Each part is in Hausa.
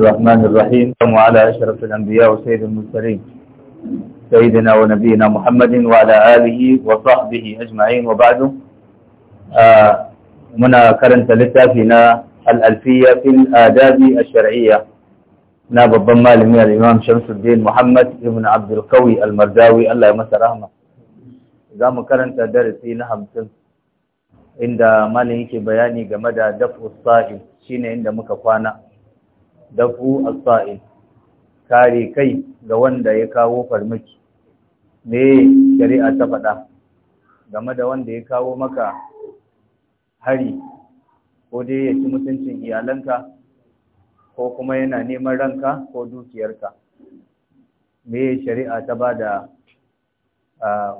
الرحمن الرحيم وعلى على أشرف الأنبياء وسيد المرسلين سيدنا ونبينا محمد وعلى آله وصحبه أجمعين وبعده آه، منا كرنت لتافنا الألفية في الآداب الشرعية ناب الضماء لمن الإمام شمس الدين محمد ابن عبد القوي المرداوي الله يمسى رحمه إذا ما كرنت درسي نهم عند ما لهيك بياني جمدا دفع الصائم شين عند مكفانا dafu as kare kai ga wanda ya kawo farmaki me shari'a ta faɗa game da wanda ya kawo maka hari ko dai ya ci mutuncin iyalanka ko kuma yana neman ranka ko dukiyarka me shari'a ta ba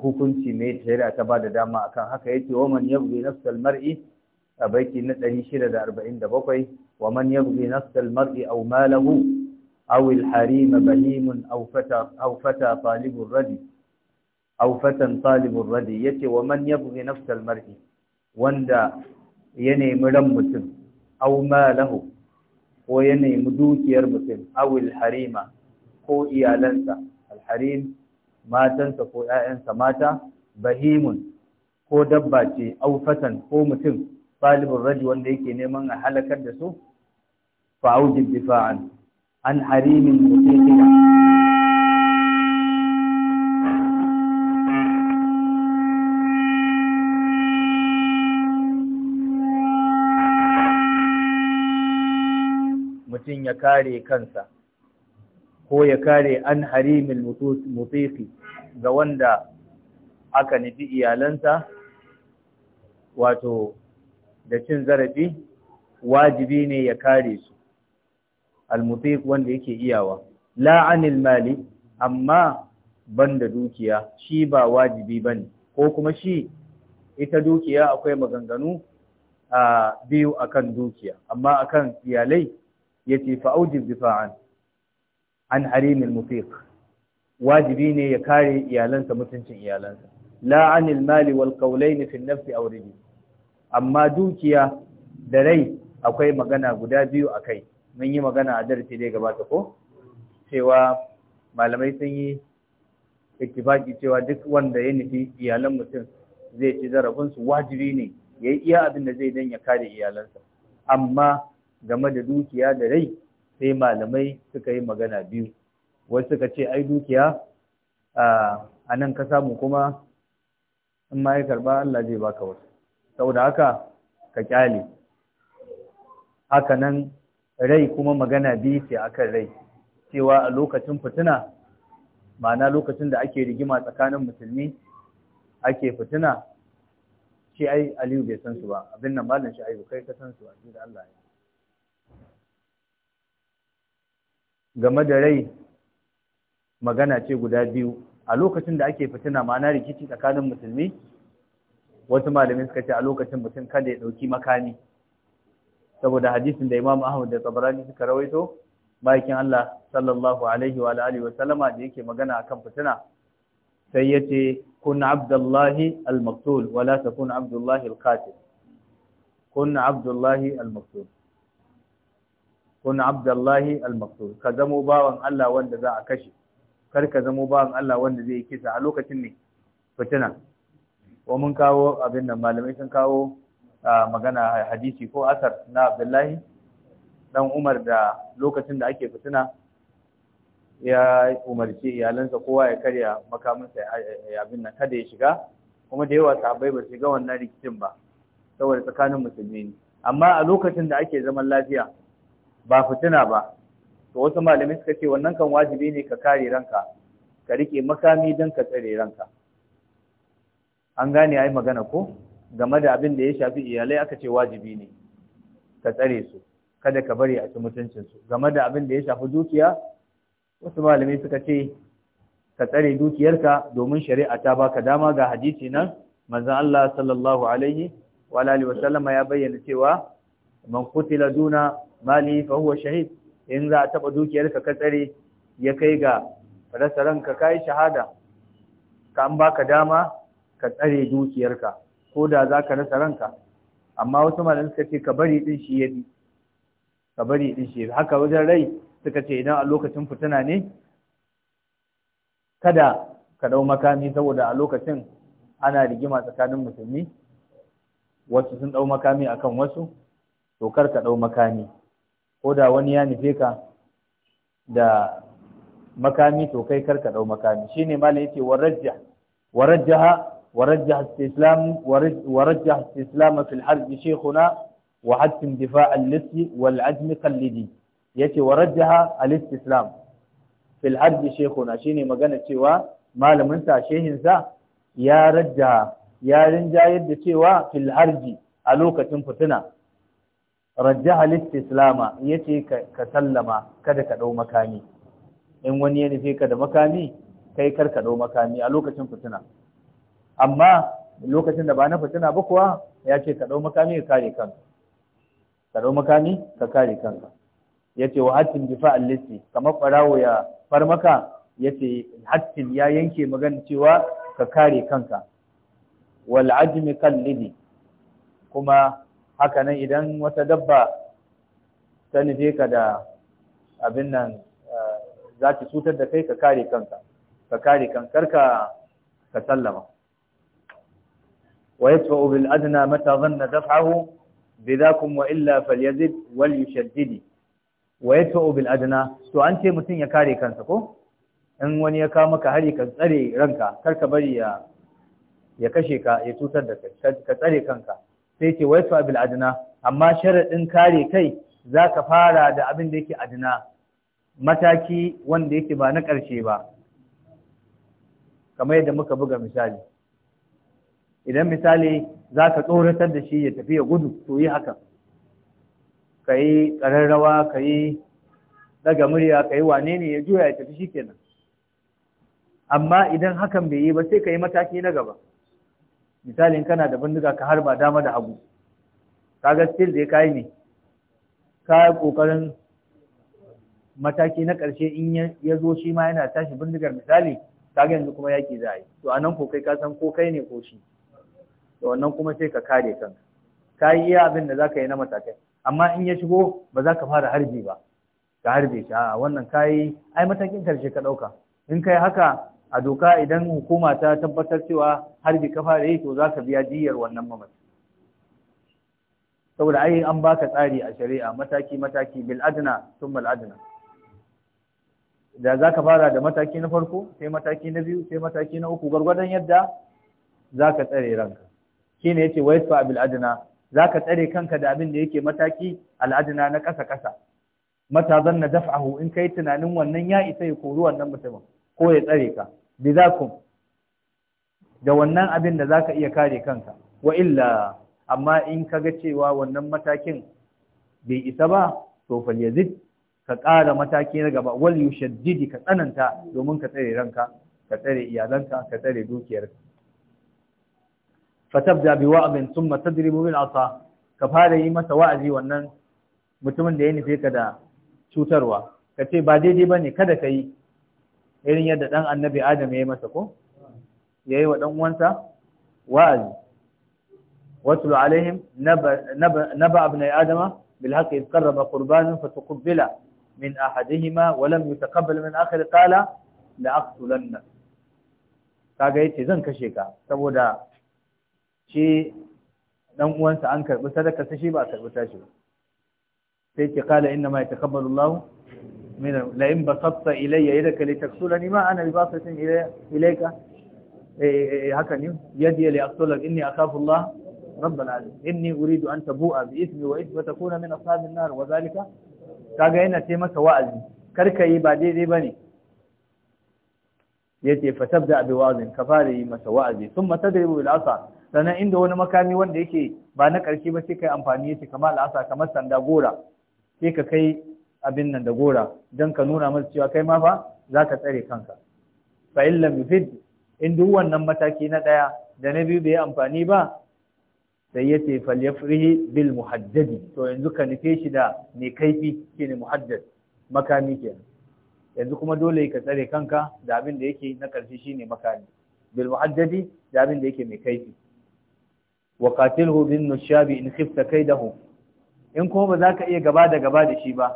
hukunci me shari'a ta ba da dama akan haka yake waman yabu nafsal mar'i a baiki na 647 ومن يبغي نفس المرء أو ماله أو الحريم بهيم أو فتى, أو فتى طالب الردي أو فتى طالب الردي يتي ومن يبغي نفس المرء وندا يني ملمتم أو ماله ويني مدوك يرمتم أو الحريم ko iyalansa alharim matansa ko ‘ya'yansa mata bahimun ko dabba ce aufatan ko mutum ɗalibin raji wanda yake neman a halakar da su فأوجب دفاعا عن حريم مطيق mutum ya kare kansa ko ya kare an harimin mutufi ga wanda aka nufi iyalansa wato da cin zarafi wajibi ne ya kare su almutiq wanda yake iyawa la anil mali amma banda dukiya shi ba wajibi bane ko kuma shi ita dukiya akwai maganganu a biyu akan dukiya amma akan iyalai yace fa aujib difa'an an Al-mufiq wajibi ne ya kare iyalansa mutuncin iyalansa la anil mali wal qawlayn fi an-nafs aw amma dukiya da rai akwai magana guda biyu akai mun yi magana a darasi da ya gabata ko cewa malamai sun yi ittifaki cewa duk wanda ya nufi iyalan mutum zai ci zarafinsu wajibi ne ya yi iya abin da zai dan kare iyalansa amma game da dukiya da rai sai malamai suka yi magana biyu wasu suka ce ai dukiya a nan ka samu kuma in ma ya karba Allah zai baka wasu saboda haka ka kyale haka nan rai kuma magana biyu ce akan rai cewa a lokacin fitina ma'ana lokacin da ake rigima tsakanin musulmi ake fitina shi ai aliyu bai san su ba abin nan malin shi aibu kai ka san su ba cikin Allah ya game da rai magana ce guda biyu a lokacin da ake fitina ma'ana rikici tsakanin musulmi wasu malamin suka ce a lokacin mutum kada ya ɗauki makami saboda hadisin da Imam Ahmad da Tabarani suka rawaito bayan Allah sallallahu alaihi wa alihi wa sallama da yake magana akan fitina sai yace kun abdullahi al maktul wa la takun abdullahi al-qatil kun abdullahi al maktul kun abdullahi al maktul ka zamo bawan Allah wanda za a kashe kar ka zamo bawan Allah wanda zai kisa a lokacin ne fitina wa mun kawo abin nan malamai sun kawo magana hadisi ko asar na Abdullahi dan Umar da lokacin da ake fituna ya umarci iyalansa kowa ya karya makamansa, abin nan kada ya shiga kuma da yawa sahabbai ba ga wannan rikicin ba saboda tsakanin musulmi ne amma a lokacin da ake zaman lafiya ba fituna ba to wasu malamai suka ce wannan kan wajibi ne ka kare ranka ka rike makami don ka tsare ranka an gane ai magana ko game da abin da ya shafi iyalai aka ce wajibi ne ka tsare su kada ka bari a ci mutuncinsu game da abin da ya shafi dukiya wasu malamai suka ce ka tsare dukiyarka domin shari'a ta baka dama ga hadisi nan manzon Allah sallallahu alaihi wa alihi wa sallama ya bayyana cewa man qutila duna mali fa huwa shahid in za a taba dukiyarka ka tsare ya kai ga rasa ka kai shahada kan an baka dama ka tsare dukiyarka ko da za ka rasa ranka amma wasu malin suka ce ka bari ɗin shi ya ka bari ɗin shi haka wajen rai suka ce idan a lokacin fitina ne kada ka ɗau makami saboda a lokacin ana rigima tsakanin musulmi wasu sun ɗau makami a kan wasu to kar ka ɗau makami ko da wani ya nufe ka da makami to kai kar ka ɗau makami shine malam yace warajja warajjaha ورجح استسلام ورجح استسلام في الحرب شيخنا وحتم دفاع اللص والعزم قلدي yace shine magana cewa malamin sa shehin ya rajja ya rinjayar da cewa fil harji a lokacin fituna rajjaha al-istislama yace ka sallama kada ka dau makami in wani ya nufe ka da makami kai kar ka makami a lokacin fituna amma lokacin da ba na fitina ba kuwa ya ce ka ɗau makami ka kare kanka ka ɗau makami ka kare kanka ya ce wa hattin bifa allisi kamar ɓarawo ya far maka ya ce hattin ya yanke magana cewa ka kare kanka wal'ajimi ajmi kallidi kuma haka idan wata dabba ta nufe ka da abin nan eh, za ta cutar da kai ka kare kanka ka kare kankar ka sallama ويدفع بالأدنى متى ظن دفعه بذاكم وإلا فليزد وليشدد ويدفع بالأدنى to an ce mutum ya kare kansa ko in wani ya kawo maka hari ka tsare ranka kar ka bari ya kashe ka ya tutar da kai ka tsare kanka sai ce waytu bil adna amma sharadin kare kai zaka fara da abin da yake adna mataki wanda yake ba na ƙarshe ba kamar yadda muka buga misali idan misali za ka tsoratar da shi ya tafi ya gudu to yi haka ka yi ƙararrawa ka yi daga murya ka yi wane ne ya juya ya tafi shikenan amma idan hakan bai yi ba sai ka yi mataki na gaba misalin kana da bindiga ka harba dama da hagu kaga still dai kai ne ka yi kokarin mataki na ƙarshe in ya zo shi ma yana tashi bindigar misali kaga yanzu kuma yaki za a yi to anan ko kai ka san ko kai ne ko shi da wannan kuma sai ka kare kanka ka yi abin da zaka yi na matakai amma in ya shigo ba za ka fara harbi ba ka harbe shi a wannan yi. ai matakin karshe ka ɗauka in kai haka a doka idan hukuma ta tabbatar cewa harbi ka fara yi to za ka biya diyar wannan mamaci saboda ai an baka tsari a shari'a mataki mataki bil adna thumma al adna da za ka fara da mataki na farko sai mataki na biyu sai mataki na uku gwargwadon yadda za ka tsare ranka shine yace waisfa abil adna zaka tsare kanka da abin da yake mataki al adna na kasa kasa mata zanna daf'ahu in kai tunanin wannan ya isa ya kori wannan mutumin ko ya tsare ka bizakum da wannan abin da zaka iya kare kanka wa illa amma in kaga cewa wannan matakin bai isa ba to yazid ka kara mataki na gaba wal yushaddidi ka tsananta domin ka tsare ranka ka tsare iyalanka ka tsare dukiyarka fatabda bi wa'din thumma tadribu bil asa ka fara yi masa wa'azi wannan mutumin da ya nufe ka da cutarwa kace ba daidai bane kada ka yi irin yadda dan annabi adam ya yi masa ko yayi wa dan uwansa wa'azi watlu alaihim naba naba ibn adama bil haqq id qarraba qurbanan fatuqbila min ahadihima wa lam yutaqabbal min akhir qala la aqtulanna kaga yace zan kashe ka saboda shi dan uwansa an karbi sadaka sai shi ba a karbi tashi ba sai ce kala inna ma yatakabbalu Allah min la in basatta ilayya yadaka litaksulani ma ana bibasatin ilayka eh, eh, eh, eh haka ne yadi li aqtulak inni akhafu Allah rabbal alamin inni uridu an tabu'a bi ismi wa ismi takuna min ashabin nar wa zalika kaga yana ce maka wa'azi karka yi ba daidai bane yace fa tabda bi wa'azin ka fara yi masa wa'azi thumma tadribu bil asa sannan inda wani makami wanda yake ba na ƙarshe ba sai kai amfani yake kamar al'asa kamar sanda gora sai ka kai abin nan da gora don ka nuna masa cewa kai ma fa za ka tsare kanka fa in lam yufid in duk wannan mataki na ɗaya da na biyu bai amfani ba sai ya ce Fal firi bil muhaddadi to yanzu ka nufe shi da mai kaifi shine muhaddad makami kenan yanzu kuma dole ka tsare kanka da abin da yake na ƙarshe shine makami bil muhaddadi da abin da yake mai kaifi wa qatilhu bin nushabi in khifta kaidahu in ba za ka iya gaba da gaba da shi ba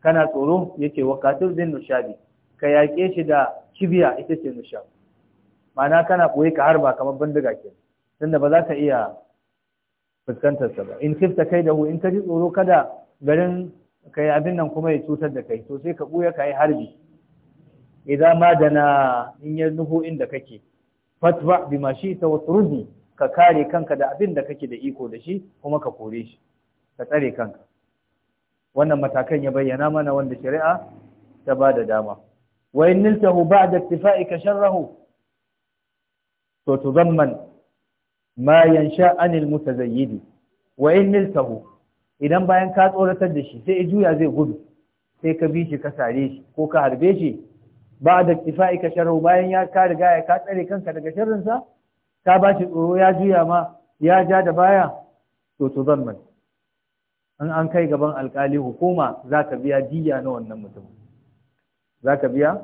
kana tsoro Yake wa qatil bin nushabi ka yaƙe shi da kibiya ita ce nushab ma'ana kana ɓoye ka harba kamar bindiga ke tunda ba za ka iya fuskantar sa ba in khifta kaidahu in ka ji tsoro kada garin kai abin nan kuma ya cutar da kai to sai ka buya ka harbi idan ma dana in ya nufo inda kake fatwa bi ma shi ta wasu ka kare kanka da abin da kake da iko da shi kuma ka kore shi ka tsare kanka wannan matakan ya bayyana mana wanda shari'a ta ba da dama wa in niltahu ba'da ittifa'ika sharrahu to tuzamman ma yansha anil mutazayyidi wa in niltahu idan bayan ka tsoratar da shi sai juya zai gudu sai ka bi shi ka sare shi ko ka harbe shi Ba ba'da ittifa'ika sharrahu bayan ya ka riga ya ka tsare kanka daga sharrinsa ta ba shi tsoro ya juya ma ya ja da baya to to in an kai gaban alkali hukuma za ka biya diya na wannan mutum za ka biya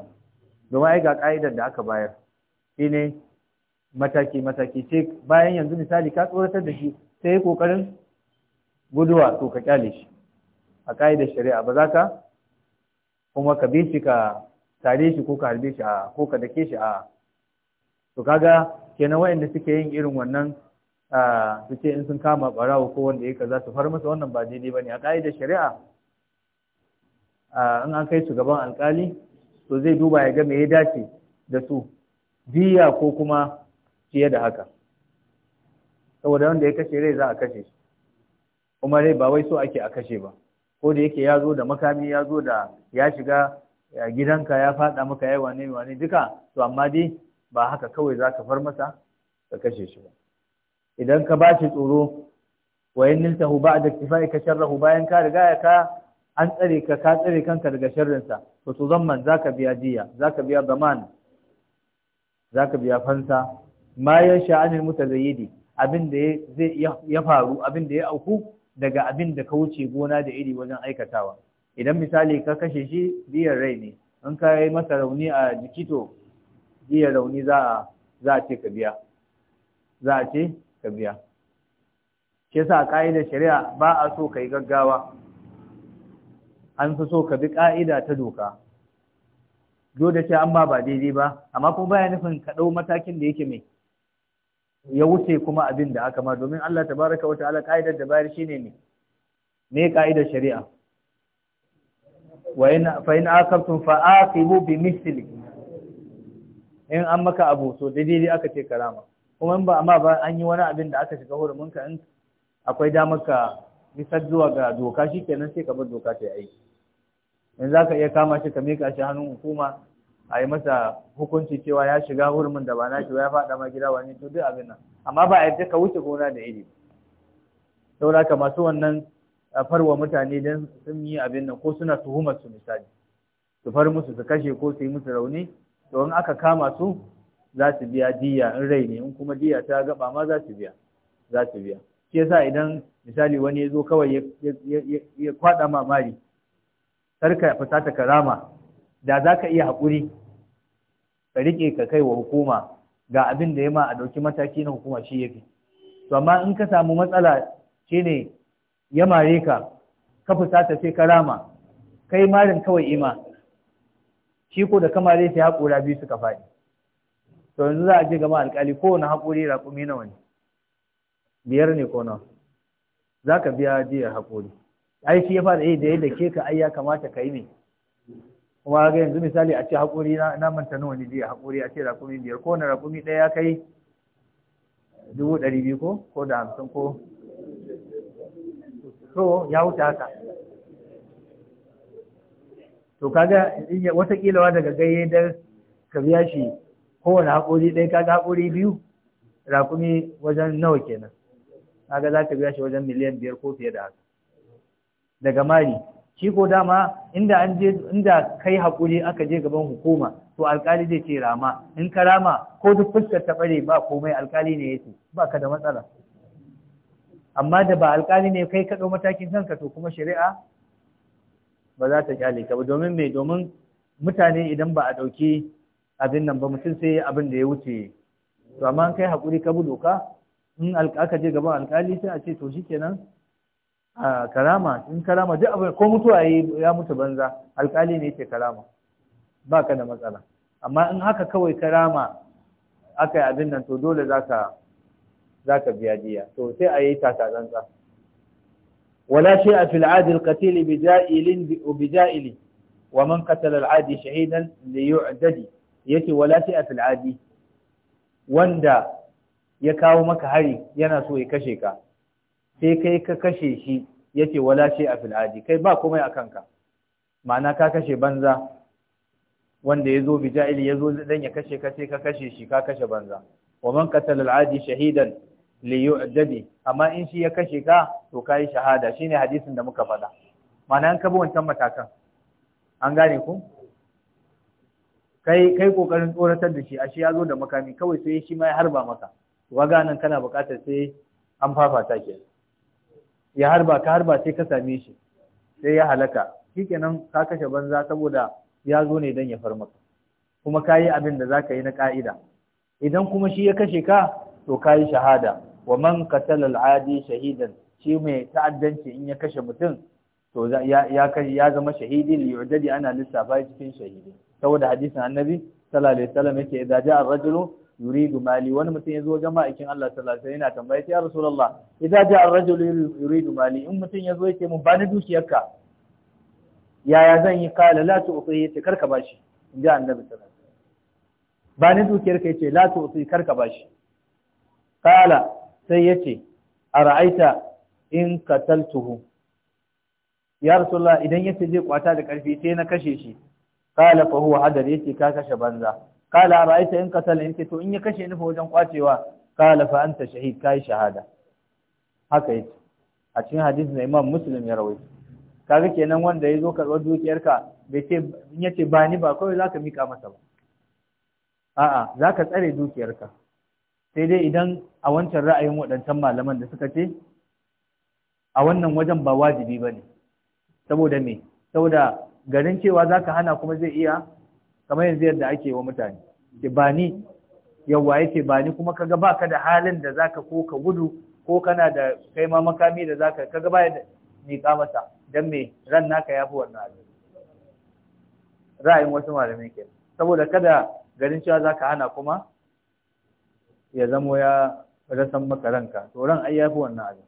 domin ai ga ka'idar da aka bayar shi ne mataki mataki sai bayan yanzu misali ka tsoratar da shi sai yi kokarin guduwa to ka kyale shi a ka'idar shari'a ba za ka kuma ka bi shi ka tare shi ko ka harbe shi a ko ka dake shi a to kaga kenan wayanda suke yin irin wannan a suke in sun kama barawo ko wanda ya kaza su far masa wannan ba daidai bane a ka'idar shari'a in an kai su gaban alkali to zai duba ya ga me ya dace da su biya ko kuma fiye da haka saboda wanda ya kashe rai za a kashe shi kuma rai ba wai so ake a kashe ba ko da yake ya zo da makami ya zo da ya shiga gidanka ya faɗa maka yai wane wane duka to amma dai ba haka kawai za ka far masa ka kashe shi ba idan ka ba shi tsoro wayan niltahu ba da kifai ka sharrahu bayan ka riga ya ka an tsare ka ka tsare kanka daga sharrinsa to to zamman za ka biya jiya za ka biya zaman za ka biya fansa ma ya sha'anin mutazayyidi abin da zai ya faru abin da ya auku daga abin da ka wuce gona da iri wajen aikatawa idan misali ka kashe shi biyan rai ne in ka yi masa rauni a jikito jiya rauni za a ce ka biya za a ce ka biya ke sa ƙa'idar shari'a ba a so ka yi gaggawa an fi so ka bi ƙa'ida ta doka da ce an ba ba daidai ba amma kuma baya nufin ka ɗau matakin da yake mai ya wuce kuma abin da aka ma domin Allah Ta baraka wata ala ƙa'idar da bayar shine ne me ƙa'idar shari'a wa in fa in aqabtum fa bi misli? in an maka abu to daidai aka ce karama kuma in ba amma ba an yi wani abin da aka shiga hurumin in akwai damar ka misar zuwa ga doka shi kenan sai ka bar doka ta aiki in za ka iya kama shi ka mika shi hannun hukuma a yi masa hukunci cewa ya shiga hurumin da ba na shi ya faɗa ma gida wani to duk abin nan amma ba a yadda ka wuce gona da iri saboda ka masu wannan farwa mutane don sun yi abin nan ko suna tuhumar su misali su far musu su kashe ko su yi musu rauni to in aka kama su za su biya diya in rai ne in kuma diya ta gaba ma za su biya za su biya shi yasa idan misali wani ya zo kawai ya kwada mamari sarka ta karama da za ka iya haƙuri ka riƙe ka kai wa hukuma ga abin da ya ma a ɗauki mataki na hukuma shi fi. to amma in ka samu matsala shine ya mare ka ka fusata sai karama kai marin kawai ima shi ko da kamare sai haƙura biyu suka faɗi to yanzu za a je gama alƙali kowane haƙori raƙumi nawa ne biyar ne ko nawa za ka biya jiya haƙuri. ai shi ya fara yi da yadda ke ka ai ya kamata ka yi ne kuma ga yanzu misali a ce haƙuri na manta nawa ne jiya haƙuri a ce raƙumi biyar ko na raƙumi ɗaya ya kai dubu ɗari biyu ko ko da hamsin ko to ya wuce haka to kaga wata kilawa daga gaye da ka biya shi kowane haƙuri ɗaya kaga haƙuri biyu rakumi wajen nawa kenan kaga za ka biya shi wajen miliyan biyar ko fiye da haka daga mari shi ko dama inda an je inda kai hakuri aka je gaban hukuma to alkali zai ce rama in ka rama ko duk fuskar ta bare ba komai alkali ne yake ba ka da matsala amma da ba alkali ne kai ka matakin kanka to kuma shari'a ba za ta kyale ka ba domin mai domin mutane idan ba a ɗauki abin nan ba mutum sai abin da ya wuce to amma kai hakuri ka bi doka in aka je gaban alkali sai a ce to shikenan a karama in karama duk abin ko mutuwa ya mutu banza alkali ne yake karama ba ka da matsala amma in haka kawai karama aka yi abin nan to dole za ka biya jiya to sai a yi tasa tsantsa ولا شيء في العاد القتيل بجائل وبجائل ومن قتل العادي شهيدا ليعدد yace ولا شيء a fil'adi wanda ya kawo maka hari yana so ya kashe ka sai kai ka kashe shi yace wala shi a fil'adi kai ba komai akan ka ma'ana ka kashe banza wanda yazo bija'il yazo dan ya kashe ka sai ka kashe shi ka kashe banza wa man qatala al-adi shahidan liyu'jabi amma in shi ya kashe ka to kai shahada shine hadisin da muka faɗa ma'ana an kaba wancan matakan an gane ku kai kai kokarin tsoratar da shi ashe ya zo da makami kawai sai shi ma ya harba maka waga nan kana buƙatar sai an fafata ke ya harba ka harba sai ka same shi sai ya halaka shikenan ka kashe banza saboda ya zo ne dan ya far maka kuma kayi abin da zaka yi na ka'ida idan kuma shi ya kashe ka to kayi shahada wa man qatala al-adi shahidan shi mai ta'addanci in ya kashe mutum to ya ya zama shahidi li yu'dadi ana lissafa cikin shahidi saboda hadisin annabi sallallahu alaihi wasallam yake idza ja'a ar-rajulu yuridu mali wani mutum ya zo jama'a cikin Allah sallallahu alaihi wasallam yana tambaye ya rasulullah idza ja'a ar-rajulu yuridu mali in mutum ya zo yake mun bani dukiyarka yaya zan yi kala la tu'ti karka bashi inji annabi sallallahu alaihi wasallam bani dukiyarka yace la tu'ti karka bashi kala sai ya ce a ra'aita in kataltuhu ya rasulullah idan yace zai kwata da karfi sai na kashe shi kala fa huwa hadar yace ka kashe banza kala ra'aita in in yace to in ya kashe ni fa wajen kwacewa kala fa anta shahid kai shahada haka yace a cikin hadisi na Imam Muslim ya rawaito kaga kenan wanda yazo karbar dukiyarka bai ce in yace ba ni ba kawai zaka mika masa ba a'a zaka tsare dukiyarka sai dai idan a wancan ra'ayin waɗancan malaman da suka ce a wannan wajen ba wajibi ba ne saboda me saboda garin cewa za ka hana kuma zai iya kamar yanzu yadda ake wa mutane ba ni ya ce ba ni kuma kaga ba ka da halin da zaka ko ka gudu ko kana da kai ma makami da zaka kaga ba da ni masa Don me ran naka fi wannan abin ra'ayin wasu malamai ke saboda kada garin cewa za ka hana kuma ya zamo ya rasan maka ranka to ran ai yafi wannan abin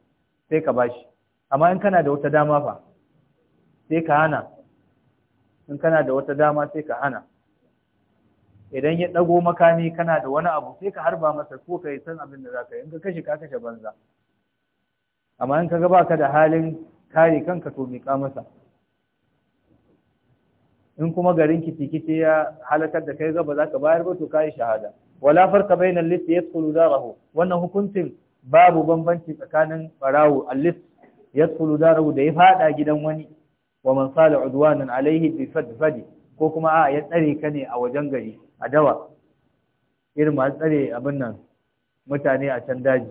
sai ka bashi amma in kana da wata dama fa sai ka hana in kana da wata dama sai ka hana idan ya dago makami kana da wani abu sai ka harba masa ko ka yi san abin da zaka yi in ka kashe ka kashe banza amma in kaga baka da halin kare kanka to ka masa in kuma garin kitikiti ya halakar da kai gaba za ka bayar ba to ka yi shahada wala farka bainal lis yadkhulu darahu wannan hukuncin babu bambanci tsakanin barawo al-lis yadkhulu darahu da ya faɗa gidan wani wa man sala udwanan alaihi ko kuma a ya ka ne a wajen gari a dawa irin masu abin nan mutane a can daji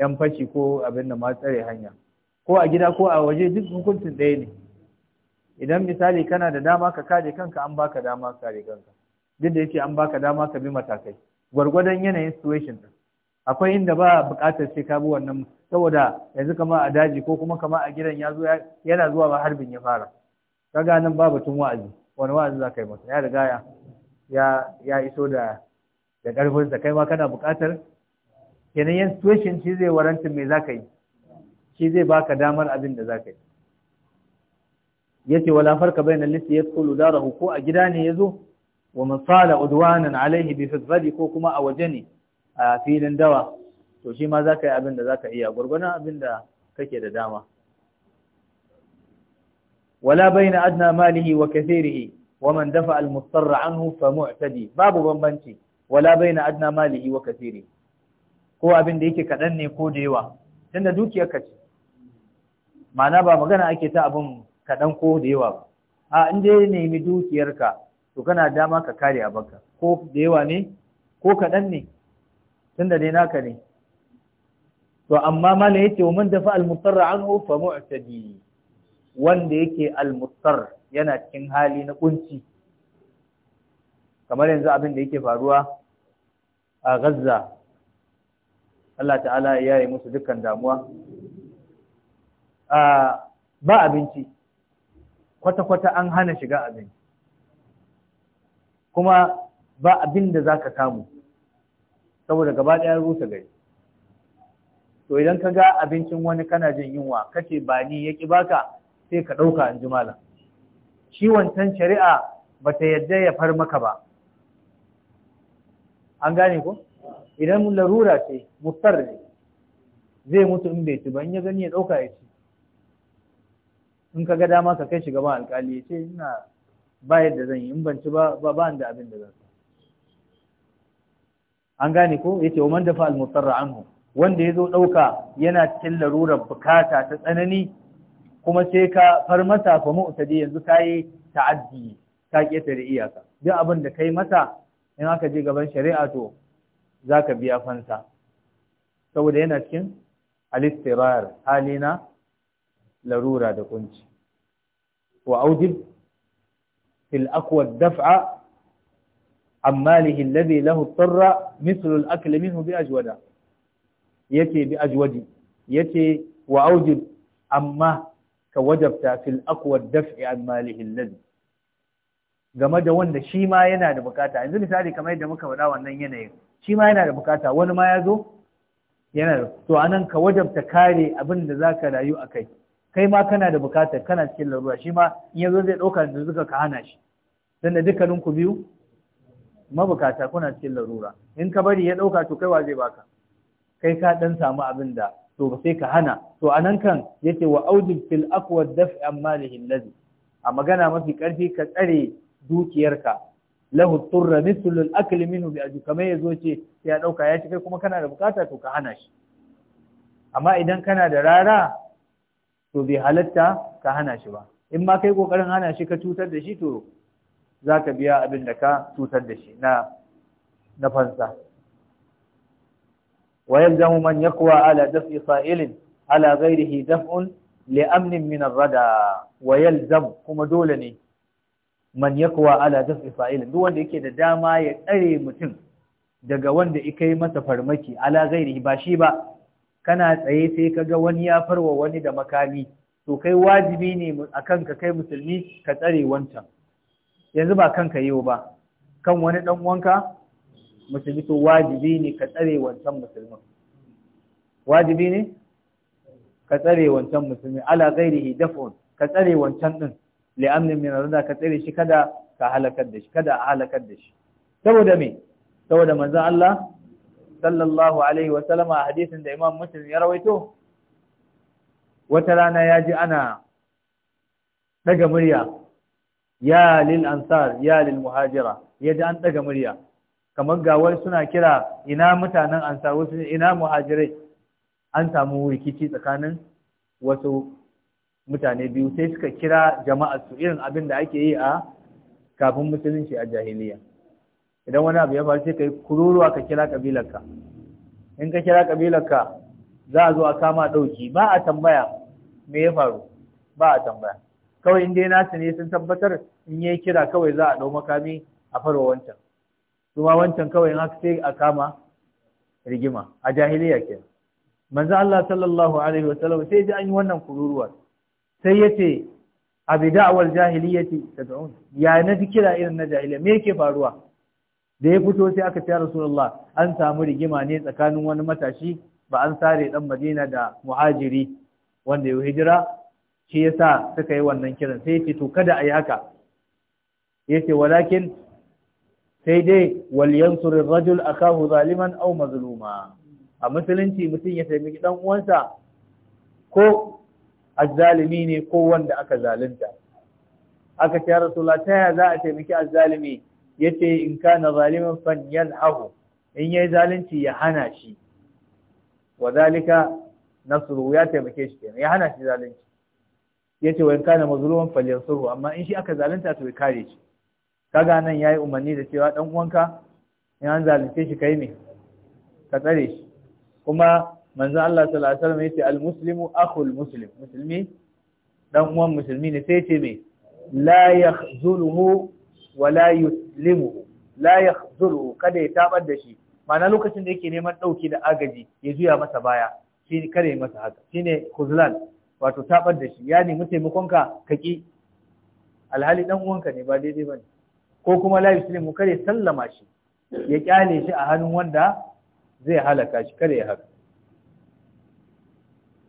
yan fashi ko abin da masu tsare hanya ko a gida ko a waje duk hukuncin ɗaya ne idan misali kana da dama ka kare kanka an baka dama kare kanka duk da yake an baka dama ka bi matakai gwargwadon yanayin situation din akwai inda ba buƙatar sai ka bi wannan saboda yanzu kama a daji ko kuma kama a gidan ya zo yana zuwa ba harbin ya fara kaga nan ba batun wa'azi wani wa'azi za ka yi masa ya riga ya ya iso da da sa, kai ma kana buƙatar kenan yan situation shi zai waranta me za ka yi shi zai baka damar abin da za ka yi yace wala farka bainal lisi yadkhulu darahu ko a gida ne yazo wa man sala udwanan alaihi bi fadli ko kuma a waje ne a filin dawa to shi ma zaka yi abin da zaka iya gurgurna abin da kake da dama wala baina adna malihi wa kathirihi wa man dafa al mustarra anhu fa mu'tadi babu bambanci wala baina adna malihi wa kathirihi ko abin da yake kadan ne ko da yawa tunda dukiyar ka ce ma'ana ba magana ake ta abin kadan ko da yawa ba a inda mi dukiyar dukiyarka to kana dama ka kare abinka ko da yawa ne ko kaɗan ne Tun da dai naka ne to amma mala ce wa man dafa al-mustar anhu fa mu'tadi wanda yake al yana cikin hali na kunci kamar yanzu abin da yake faruwa a Gaza Allah ta'ala ya yi musu dukkan damuwa ba abinci kwata-kwata an hana shiga abinci kuma ba abin da za ka samu saboda gaba ɗaya rusa gari to idan ka ga abincin wani kana jin yunwa kace ba ni ya ƙi baka sai ka ɗauka an ji malam shi wancan shari'a ba ta yadda ya far maka ba an gane ko idan larura ce mutar ne zai mutu in bai ci ba in ya gani ya ɗauka ya ci in ka ga dama ka kai shi gaban alƙali ya ina ba yadda zan yi in ban ci ba ba da abin da zan an gane ko yace wa man dafa al-mutarra anhu wanda yazo dauka yana cikin larurar bukata ta tsanani kuma sai ka far masa fa mu'tadi yanzu kai ta'addi ka ketare iyaka duk abin da kai masa in aka je gaban shari'a to zaka biya fansa saboda yana cikin al-istirar halina larura da kunci wa audib في الأقوى الدفع عن ماله الذي له اضطر مثل الأكل منه بأجودا يتي بأجودي يتي وأوجب أما كوجبت في الأقوى الدفع عن الذي game da wanda shi ma yana da bukata yanzu misali kamar yadda muka faɗa wannan yanayin shi ma yana da bukata wani ma ya zo yana da to anan ka wajabta kare abin da za ka rayu a kai kai ma kana da bukatar kana cikin larura shi ma in yazo zai dauka da zuka ka hana shi dan da dukkanin ku biyu mabukata kuna cikin larura in ka bari ya ɗauka to kai wa zai baka kai ka dan samu abin da to ba sai ka hana to anan kan yake wa aujib fil aqwa daf'an malihi allazi a magana mafi karfi ka tsare dukiyarka lahu turra mithl al-akli minhu bi ajli kamar yazo ce ya ɗauka ya ci kai kuma kana da bukata to ka hana shi amma idan kana da rara to bai halatta ka hana shi ba in ma kai kokarin hana shi ka cutar da shi to za ka biya abin da ka cutar da shi na na fansa wa yalzamu man yaqwa ala daf'i sa'ilin ala ghairihi daf'un li amn min ar-rada wa yalzam kuma dole ne man yaqwa ala daf'i sa'ilin duk wanda yake da dama ya tsare mutum daga wanda ikai masa farmaki ala ghairihi ba shi ba kana tsaye sai ka ga wani ya farwa wani da makami to kai wajibi ne a kanka kai musulmi ka tsare wancan yanzu ba kanka yiwu ba kan wani dan wanka musulmi to wajibi ne ka tsare wancan musulmin wajibi ne ka tsare wancan musulmi ala ghairihi daf'un ka tsare wancan din li'amnin min rada ka tsare shi kada ka halakar da shi kada a halakar da shi saboda me saboda manzon Allah sallallahu alaihi wasallama a hadisin da imam muslim ya rawaito wata rana ya ji ana daga murya ya lil ansar ya lil muhajira ya ji an daga murya kamar wani suna kira ina mutanen ansar wasu ina muhajirai an samu rikici tsakanin wasu mutane biyu sai suka kira jama'a su irin abin da ake yi a kafin musulunci a jahiliya idan wani abu ya faru sai ka yi kururuwa ka kira kabilarka in ka kira kabilarka za a zo a kama ɗauki ba a tambaya me ya faru ba a tambaya kawai in dai nasu ne sun tabbatar in yi kira kawai za a ɗau makami a farwa wancan kuma wancan kawai in haka sai a kama rigima a jahiliya ke. manzo Allah sallallahu alaihi wa sallam. sai ji an yi wannan kururuwa sai yace abi da'wal jahiliyyati tad'un ya na ji kira irin na jahiliya me yake faruwa da ya fito sai aka ciyar rasulullah an samu rigima ne tsakanin wani matashi ba an sare dan madina da muhajiri wanda ya hijira shi yasa suka yi wannan kiran sai yace to kada ayi haka yace walakin sai dai wal yansur ar-rajul akahu zaliman aw mazluma a musulunci mutum ya taimaki dan uwansa ko azzalimi ne ko wanda aka zalunta aka ciyar rasulullah ta ya za a taimaki azzalimi yace in kana zaliman fanyanhu in yayi zalunci ya hana shi wadhalika nasru ya taimake shi ya hana shi zalunci yace wa in kana mazluman falyansuru amma in shi aka zalunta to ya kare shi kaga nan yayi umarni da cewa dan uwanka in an zalunce shi kai ne ka tsare shi kuma manzo Allah sallallahu alaihi wasallam yace al-muslimu akhul muslim musulmi dan uwan musulmi ne sai ce me la yakhzuluhu wala yuslimu la yakhzuru kada ya tabar da shi ma'ana lokacin da yake neman dauki da agaji ya juya masa baya shi kare masa haka shine kuzlan, wato tabar da shi ya nemi taimakon ka kaki alhali dan uwanka ne ba daidai bane ko kuma la yuslimu kare sallama shi ya kyale shi a hannun wanda zai halaka shi kare ya haka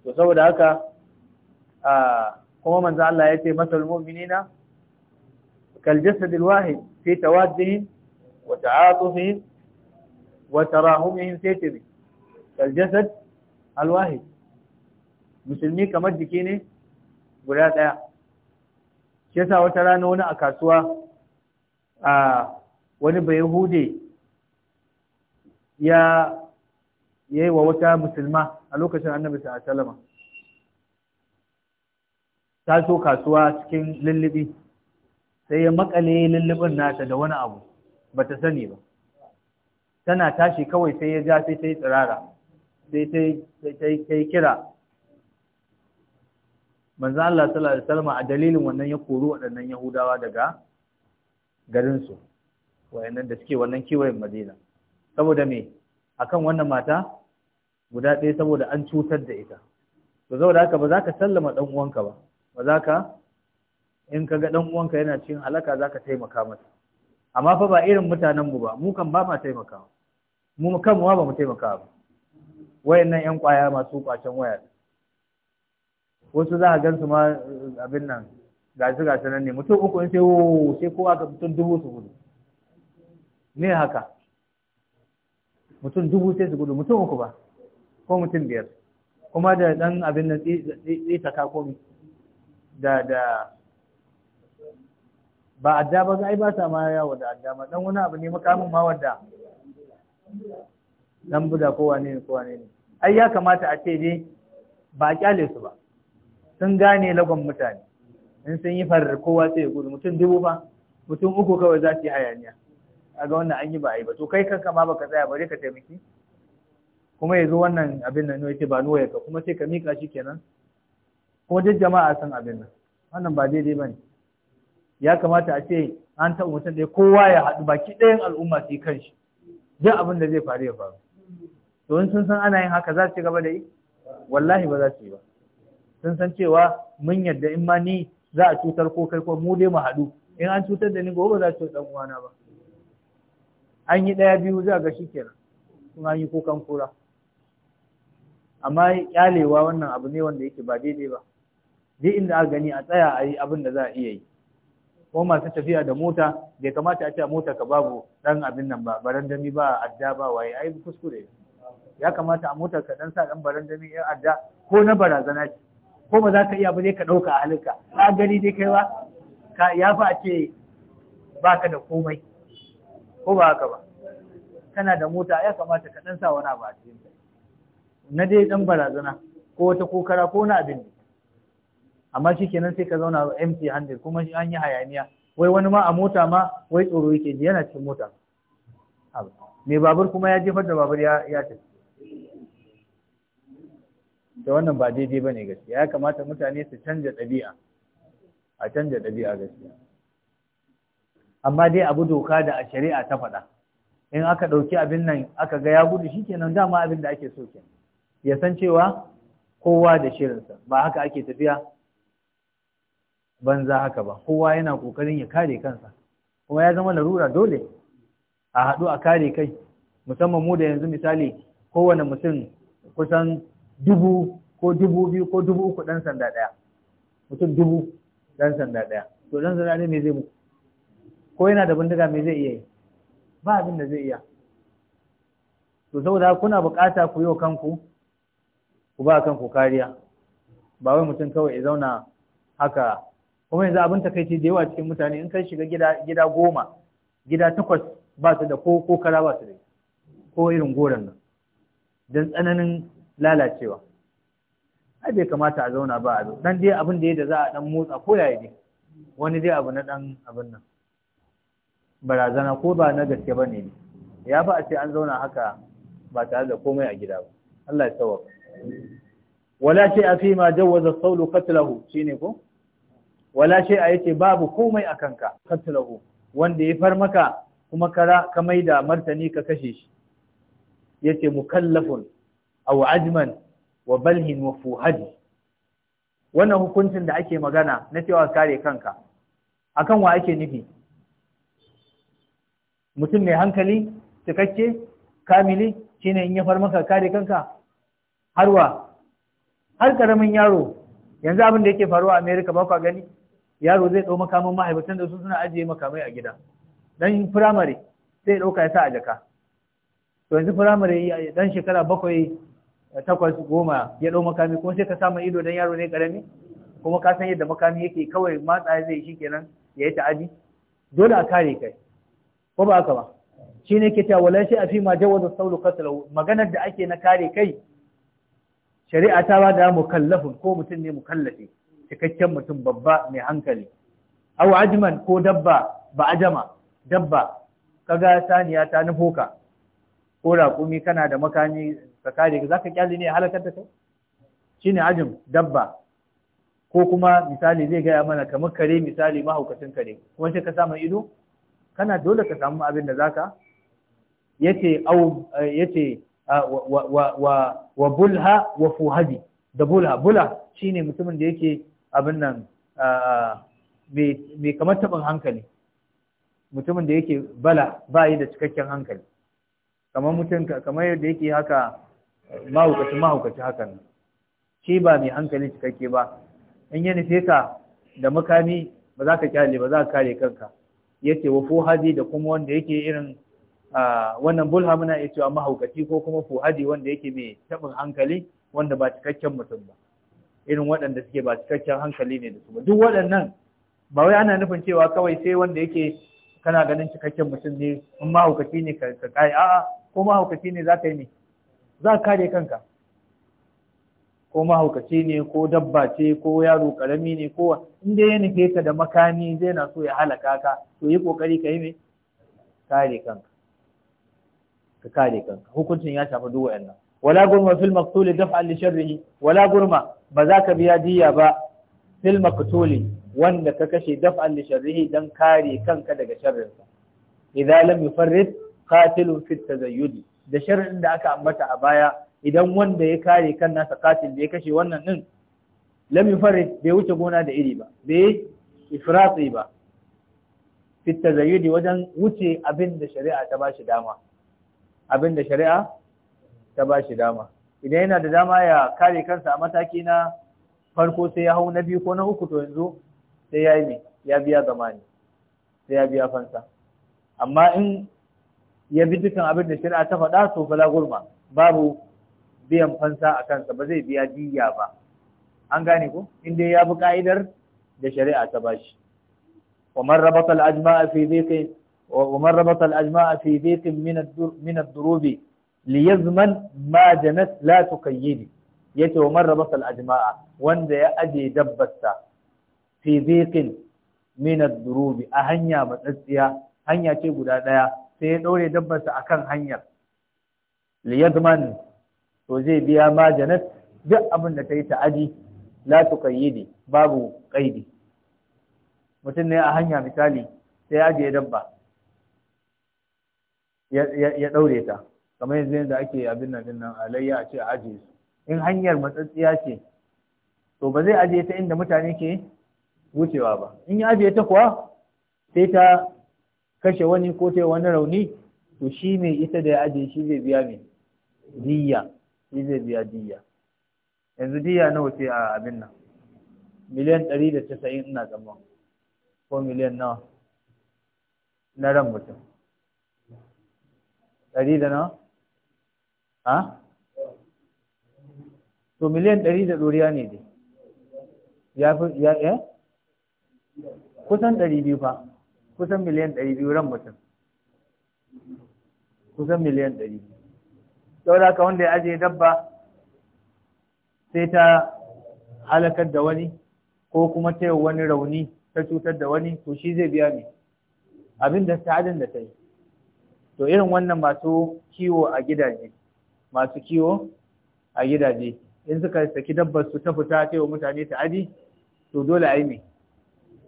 to saboda haka kuma manzo Allah ya ce masal mu'minina كالجسد الواحد في توادهم وتعاطفهم وتراهمهم في تبي كالجسد الواحد musulmi kamar jiki ne guda ɗaya shi yasa wata rana wani a kasuwa a wani bayahude ya yayi wa wata musulma a lokacin annabi sallallahu alaihi ta so kasuwa cikin lullubi sai ya makale lullubin nata da wani abu Ba ta sani ba tana tashi kawai sai ya ja sai ta yi tsirara sai ta yi kira manzan Allah sallallahu Alaihi wasallam a dalilin wannan ya koru waɗannan Yahudawa daga garinsu wayannan da suke wannan kiwayen Madina saboda me akan wannan mata guda ɗaya saboda an cutar da ita to saboda haka ba za ka sallama ɗan uwanka ba ba za ka in ka ga dan uwanka yana cikin halaka zaka taimaka masa amma fa ba irin mutanen mu ba mu kan ba ma taimakawa mu kan mu ba mu taimaka ba wayannan yan kwaya masu kwacen waya wasu za a gan su ma abin nan su ga sanan ne mutum uku in sai wo sai ko ka mutum dubu su gudu ne haka mutum dubu sai su gudu mutum uku ba ko mutum biyar kuma da dan abin nan tsaka ko da da ba adda ba yi ba sa ma yawo da adda ma dan wani abu ne makamin ma wanda dan buda ko wane ne ko wane ne ai ya kamata a ce dai ba a kyale su ba sun gane lagon mutane in sun yi farar kowa sai ya gudu mutum dubu ba mutum uku kawai za su yi hayaniya a ga wannan an yi ba a yi ba to kai kanka ma baka tsaya bare ka taimaki kuma ya zo wannan abin nan ya ba nuwa ka kuma sai ka mika shi kenan ko duk jama'a san abin nan wannan ba daidai ba ne ya kamata a ce an taɓa mutum ɗaya kowa ya haɗu baki ɗayan al'umma su yi kanshi duk abin da zai faru ya faru to in sun san ana yin haka za su ci gaba da yi wallahi ba za su yi ba sun san cewa mun yadda in ma ni za a cutar ko kai ko mu dai mu haɗu in an cutar da ni gobe ba za su ɗan uwana ba an yi ɗaya biyu za ga shi kenan sun an yi kukan kura amma ƙyalewa wannan abu ne wanda yake ba daidai ba duk inda aka gani a tsaya a yi abin da za a iya yi ko masu tafiya da mota bai kamata a ce mota ka babu dan abin nan ba barandami ba adda ba waye ai kuskure ya kamata a motar ka dan sa dan barandami ya adda ko na barazana ce ko ba za ka iya ba zai ka dauka a halinka ka gani dai kaiwa ka ya fa a ce baka da komai ko ba haka ba kana da mota ya kamata ka dan sa wani abu a cikin na dai dan barazana ko wata kokara ko na abin amma shi kenan sai ka zauna empty handed kuma shi an yi hayaniya wai wani ma a mota ma wai tsoro yake ji yana cikin mota mai babur kuma ya jefar da babur ya tafi da wannan ba daidai bane ne gaskiya ya kamata mutane su canja ɗabi'a a canja ɗabi'a gaskiya amma dai abu doka da a shari'a ta faɗa in aka ɗauki abin nan aka ga ya gudu shi kenan dama abin da ake so kenan ya san cewa kowa da shirinsa ba haka ake tafiya banza haka ba kowa yana kokarin ya kare kansa kuma ya zama larura dole a haɗu a kare kai musamman mu da yanzu misali kowane mutum kusan dubu ko dubu biyu ko dubu uku ɗan sanda ɗaya mutum dubu ɗan sanda ɗaya to ɗan sanda ne me zai muku ko yana da bindiga me zai iya yi ba abin da zai iya to saboda kuna bukata ku yi wa kanku ku ba kanku kariya ba wai mutum kawai ya zauna haka kuma yanzu abin takaici da yawa cikin mutane in kai shiga gida goma gida takwas ba su da ko kara ba su da ko irin goron nan don tsananin lalacewa ai bai kamata a zauna ba a zo dan dai abin da ya da za a dan motsa ko yaya ne wani dai abu na dan abin nan barazana ko ba na gaske ba ne ya ba a ce an zauna haka ba tare da komai a gida ba Allah ya tsawaka wala ce a fi ma jawaza saulu katlahu shine ko wala shi a yace babu komai a kanka qatlahu wanda ya far maka kuma kara ka maida martani ka kashe shi yace mukallafun aw ajman wa balhin wa fuhad wannan hukuncin da ake magana na cewa kare kanka akan wa ake nufi mutum mai hankali cikakke kamili shine in ya far maka kare kanka harwa har karamin yaro yanzu abin da yake faruwa a America ba ku gani yaro zai ɗau makamin ma'aikatan da su suna ajiye makamai a gida dan firamare sai ɗauka ya sa a jaka to yanzu firamare dan shekara bakwai takwas goma ya ɗau makami kuma sai ka samu ido dan yaro ne karami kuma ka san yadda makami yake kawai matsa zai shi kenan ya yi ta'adi dole a kare kai ko ba haka ba shi ne ke ta wala shi a fi ma jawaza saulu qatlahu maganar da ake na kare kai shari'a ta ba da mukallafin ko mutum ne mukallafi cikakken mutum babba mai hankali aw ajman ko dabba ba ajama dabba kaga saniya ta nufo ka ko raƙumi kana da makani ka kare ka zaka kyali ne halakar da kai shine ajim dabba ko kuma misali zai gaya mana kamar kare misali mahaukacin kare kuma sai ka samu ido kana dole ka samu abin da zaka yace au yace wa bulha wa fuhadi da bulha bulha shine mutumin da yake abin nan mai kamar taɓin hankali mutumin da yake bala ba yi da cikakken hankali kamar mutum kamar yadda yake haka mahaukaci mahaukaci hakan shi ba mai hankali cikakke ba in ya nufe ka da mukami, ba za ka kyale ba za ka kare kanka yace wa fuhadi da kuma wanda yake irin wannan bulha muna iya cewa mahaukaci ko kuma fuhadi wanda yake mai taɓin hankali wanda ba cikakken mutum ba irin waɗanda suke ba cikakken hankali ne da su ba duk waɗannan ba wai ana nufin cewa kawai sai wanda yake kana ganin cikakken mutum ne in mahaukaci ne ka kai a'a ko mahaukaci ne za ka yi ne za ka kare kanka ko mahaukaci ne ko dabba ce ko yaro karami ne ko in dai ya nufe ka da makami zai na so ya halaka ka to yi kokari ka yi me kare kanka ka kare kanka hukuncin ya shafi duk waɗannan wala gurma في المقتول دفعا لشره ولا wala gurma ba za ka biya diya ba دفعا لشره wanda ka kashe daf'an sharrihi dan kare kanka daga sharrinsa idan lam yufarrid qatilun fi da sharrin da aka ambata a baya idan wanda ya kare kan nasa katin da ya kashe wannan din lam yufarrid bai wuce gona da iri ba bai ifrati ba fi tazayyudi wajen wuce abin da shari'a ta bashi dama abin da shari'a ta ba shi dama idan yana da dama ya kare kansa a mataki na farko sai ya hau na biyu ko na uku to yanzu sai ya yi ya biya ne sai ya biya fansa amma in ya bi dukkan abin da shari'a ta faɗa to fala gurma babu biyan fansa a kansa ba zai biya diya ba an gane ko in dai ya bi ka'idar da shari'a ta bashi ومن ربط الأجماع في ذيق ومن ربط الأجماع في ذيق من الدروب li yazman ma janat la tukayyidi yace wa man ajma'a wanda ya aje dabbarsa fi dhiqin min ad-durub a hanya matsatsiya hanya ce guda daya sai ya daure dabbarsa akan hanyar li yazman to zai biya ma janat duk abin da ta yi ta aji la tukayyidi babu qaidi mutum ne a hanya misali sai ya aje dabba ya daure ta kamar yanzu yadda ake abin nan din nan alayya a ce a ajiye su in hanyar matsatsiya ce to ba zai ajiye ta inda mutane ke wucewa ba in ya ajiye ta kuwa sai ta kashe wani ko ta wani rauni to shi ne ita da ya ajiye shi zai biya mai diya shi zai biya diya yanzu diya nawa ce a abin nan miliyan ɗari da casa'in ina zama ko miliyan nawa na ran mutum ɗari da nawa ha to miliyan ɗari da ɗoriya ne dai ya fi ya ya kusan ɗari biyu fa kusan miliyan ɗari biyu ran mutum kusan miliyan ɗari saboda ka wanda ya ajiye dabba sai ta halakar da wani ko kuma ta yi wani rauni ta cutar da wani to shi zai biya ne abin da sa'adin da ta yi to irin wannan masu kiwo a gidaje masu kiwo a gidaje in suka saki dabbar su ta fita ta yi mutane ta aji to dole a yi me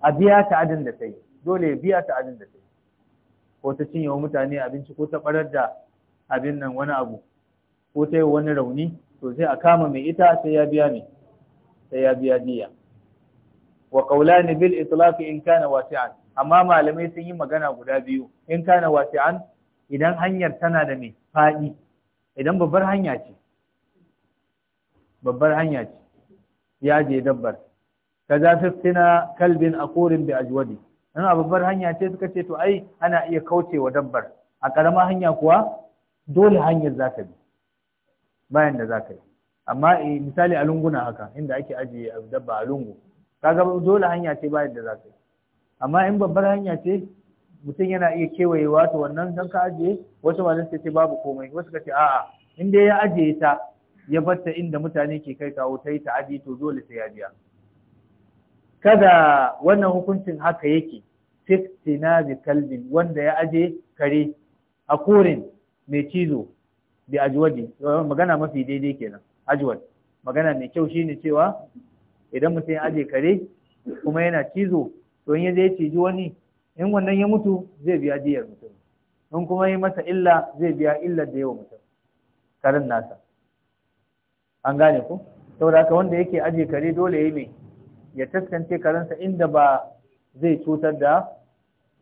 a biya ta adin da ta yi dole ya biya ta adin da ta yi ko ta cinye wa mutane abinci ko ta barar da abin nan wani abu ko ta yi wani rauni to sai a kama mai ita sai ya biya mai sai ya biya diya wa qawlani bil itlaq in kana wasi'an amma malamai sun yi magana guda biyu in kana wasi'an idan hanyar tana da mai fadi idan babbar hanya ce babbar hanya ce ya je dabbar ka za fiftina kalbin a korin bi ajwadi nan babbar hanya ce suka ce to ai ana iya wa dabbar a ƙarama hanya kuwa dole hanyar za ka bi bayan da za ka yi amma eh, misali a lunguna haka inda ake ajiye dabba a lungu Ka ga dole hanya ce bayan da za ka yi amma in babbar hanya ce mutum yana iya kewayewa ta wannan don ka ajiye wasu malamai suka ce babu komai wasu ka ce a'a in dai ya ajiye ta ya batta inda mutane ke kai kawo ta yi ajiye to dole sai ya biya kada wannan hukuncin haka yake na bi kalbin wanda ya ajiye kare a korin mai cizo bi ajwadi magana mafi daidai kenan ajwad magana mai kyau shine cewa idan mutum ya ajiye kare kuma yana cizo to in ya je ciji wani in wannan ya mutu zai biya diyar mutum in kuma yi masa illa zai biya illar da yawa mutum karin nasa an gane ku saboda haka wanda yake aje kare dole ya yi mai ya taskance karensa inda ba zai cutar da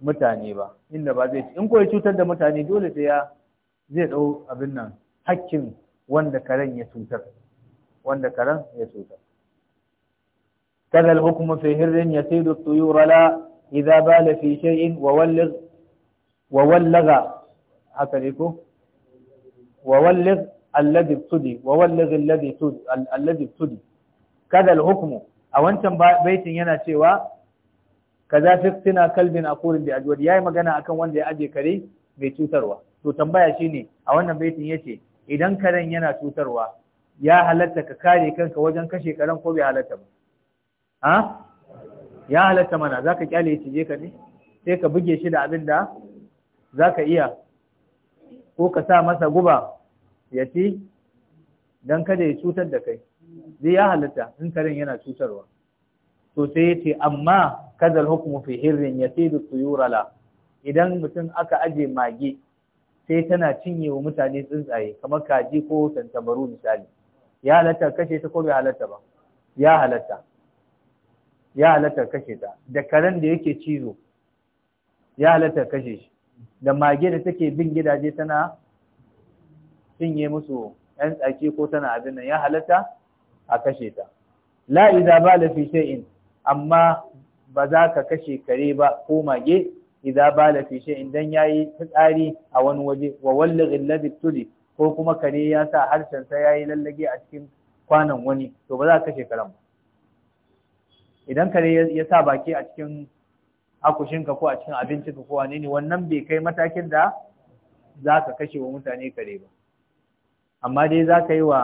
mutane ba inda ba zai in ko ya cutar da mutane dole sai ya zai dau abin nan hakkin wanda karen ya cutar wanda karen ya cutar kada al-hukmu fi hirrin yasidu tuyura la idza bala fi shay'in wa walligh wa haka ne ko wa alladhi tudi wa alladhi tudi alladhi tudi kada al-hukmu a wancan baitin yana cewa kaza fiktina kalbin aqurin bi ajwad yayi magana akan wanda ya aje kare mai cutarwa to tambaya shine a wannan baitin yace idan karen yana cutarwa ya halatta ka kare kanka wajen kashe karen ko bai halatta ba ha ya halatta mana za ka kyale shi je ka ne sai ka buge shi da abin da za ka iya ko ka sa masa guba ya ci don kada ya cutar da kai zai ya halatta in karin yana cutarwa to sai ya ce amma kazal hukumu fi hirrin ya ce da tsuyurala idan mutum aka aje mage sai tana cinye wa mutane tsuntsaye kamar kaji ko tantabaru misali ya halatta kashe ta ko bai halatta ba ya halatta ya halatta kashe ta da karen da yake cizo ya halatta kashe shi da mage da take bin gidaje tana cinye musu ‘yan tsaki ko tana abin nan ya halatta a kashe ta. La La'iza ba fi shay'in amma ba za ka kashe kare ba ko mage, iza ba la fi shay'in ya yi fitsari a wani waje, wa walli illabi tuli ko kuma kare ya sa harshensa ya yi lallage a cikin kwanan wani, to ba za ka kashe karen ba. idan kare ya sa baki a cikin akushinka ko a cikin abincinka ko wane ne wannan bai kai matakin da za ka kashe wa mutane kare ba amma dai za ka yi wa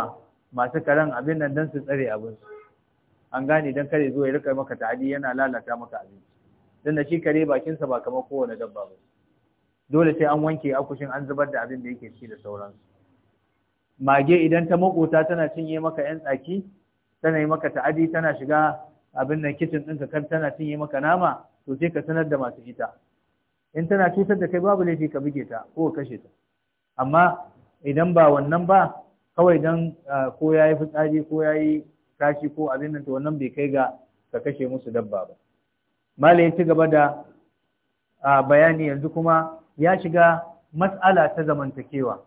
masu karen abin nan don su tsare su. an gane don kare zo ya rika maka ta'adi yana lalata maka abinci don da shi kare bakinsa ba kamar kowane dabba ba dole sai an wanke akushin an zubar da abin da yake ci da sauransu mage idan ta makota tana cinye maka 'yan tsaki tana yi maka ta'adi tana shiga abin nan kitchen ɗinka kan tana cinye maka nama to sai ka sanar da masu ita in tana cutar da kai babu laifi ka buge ta ko ka kashe ta amma idan ba wannan ba kawai dan ko yayi fitsari ko yayi kashi ko abin nan to wannan bai kai ga ka kashe musu dabba ba malai ya ci gaba da bayani yanzu kuma ya shiga mas'ala ta zamantakewa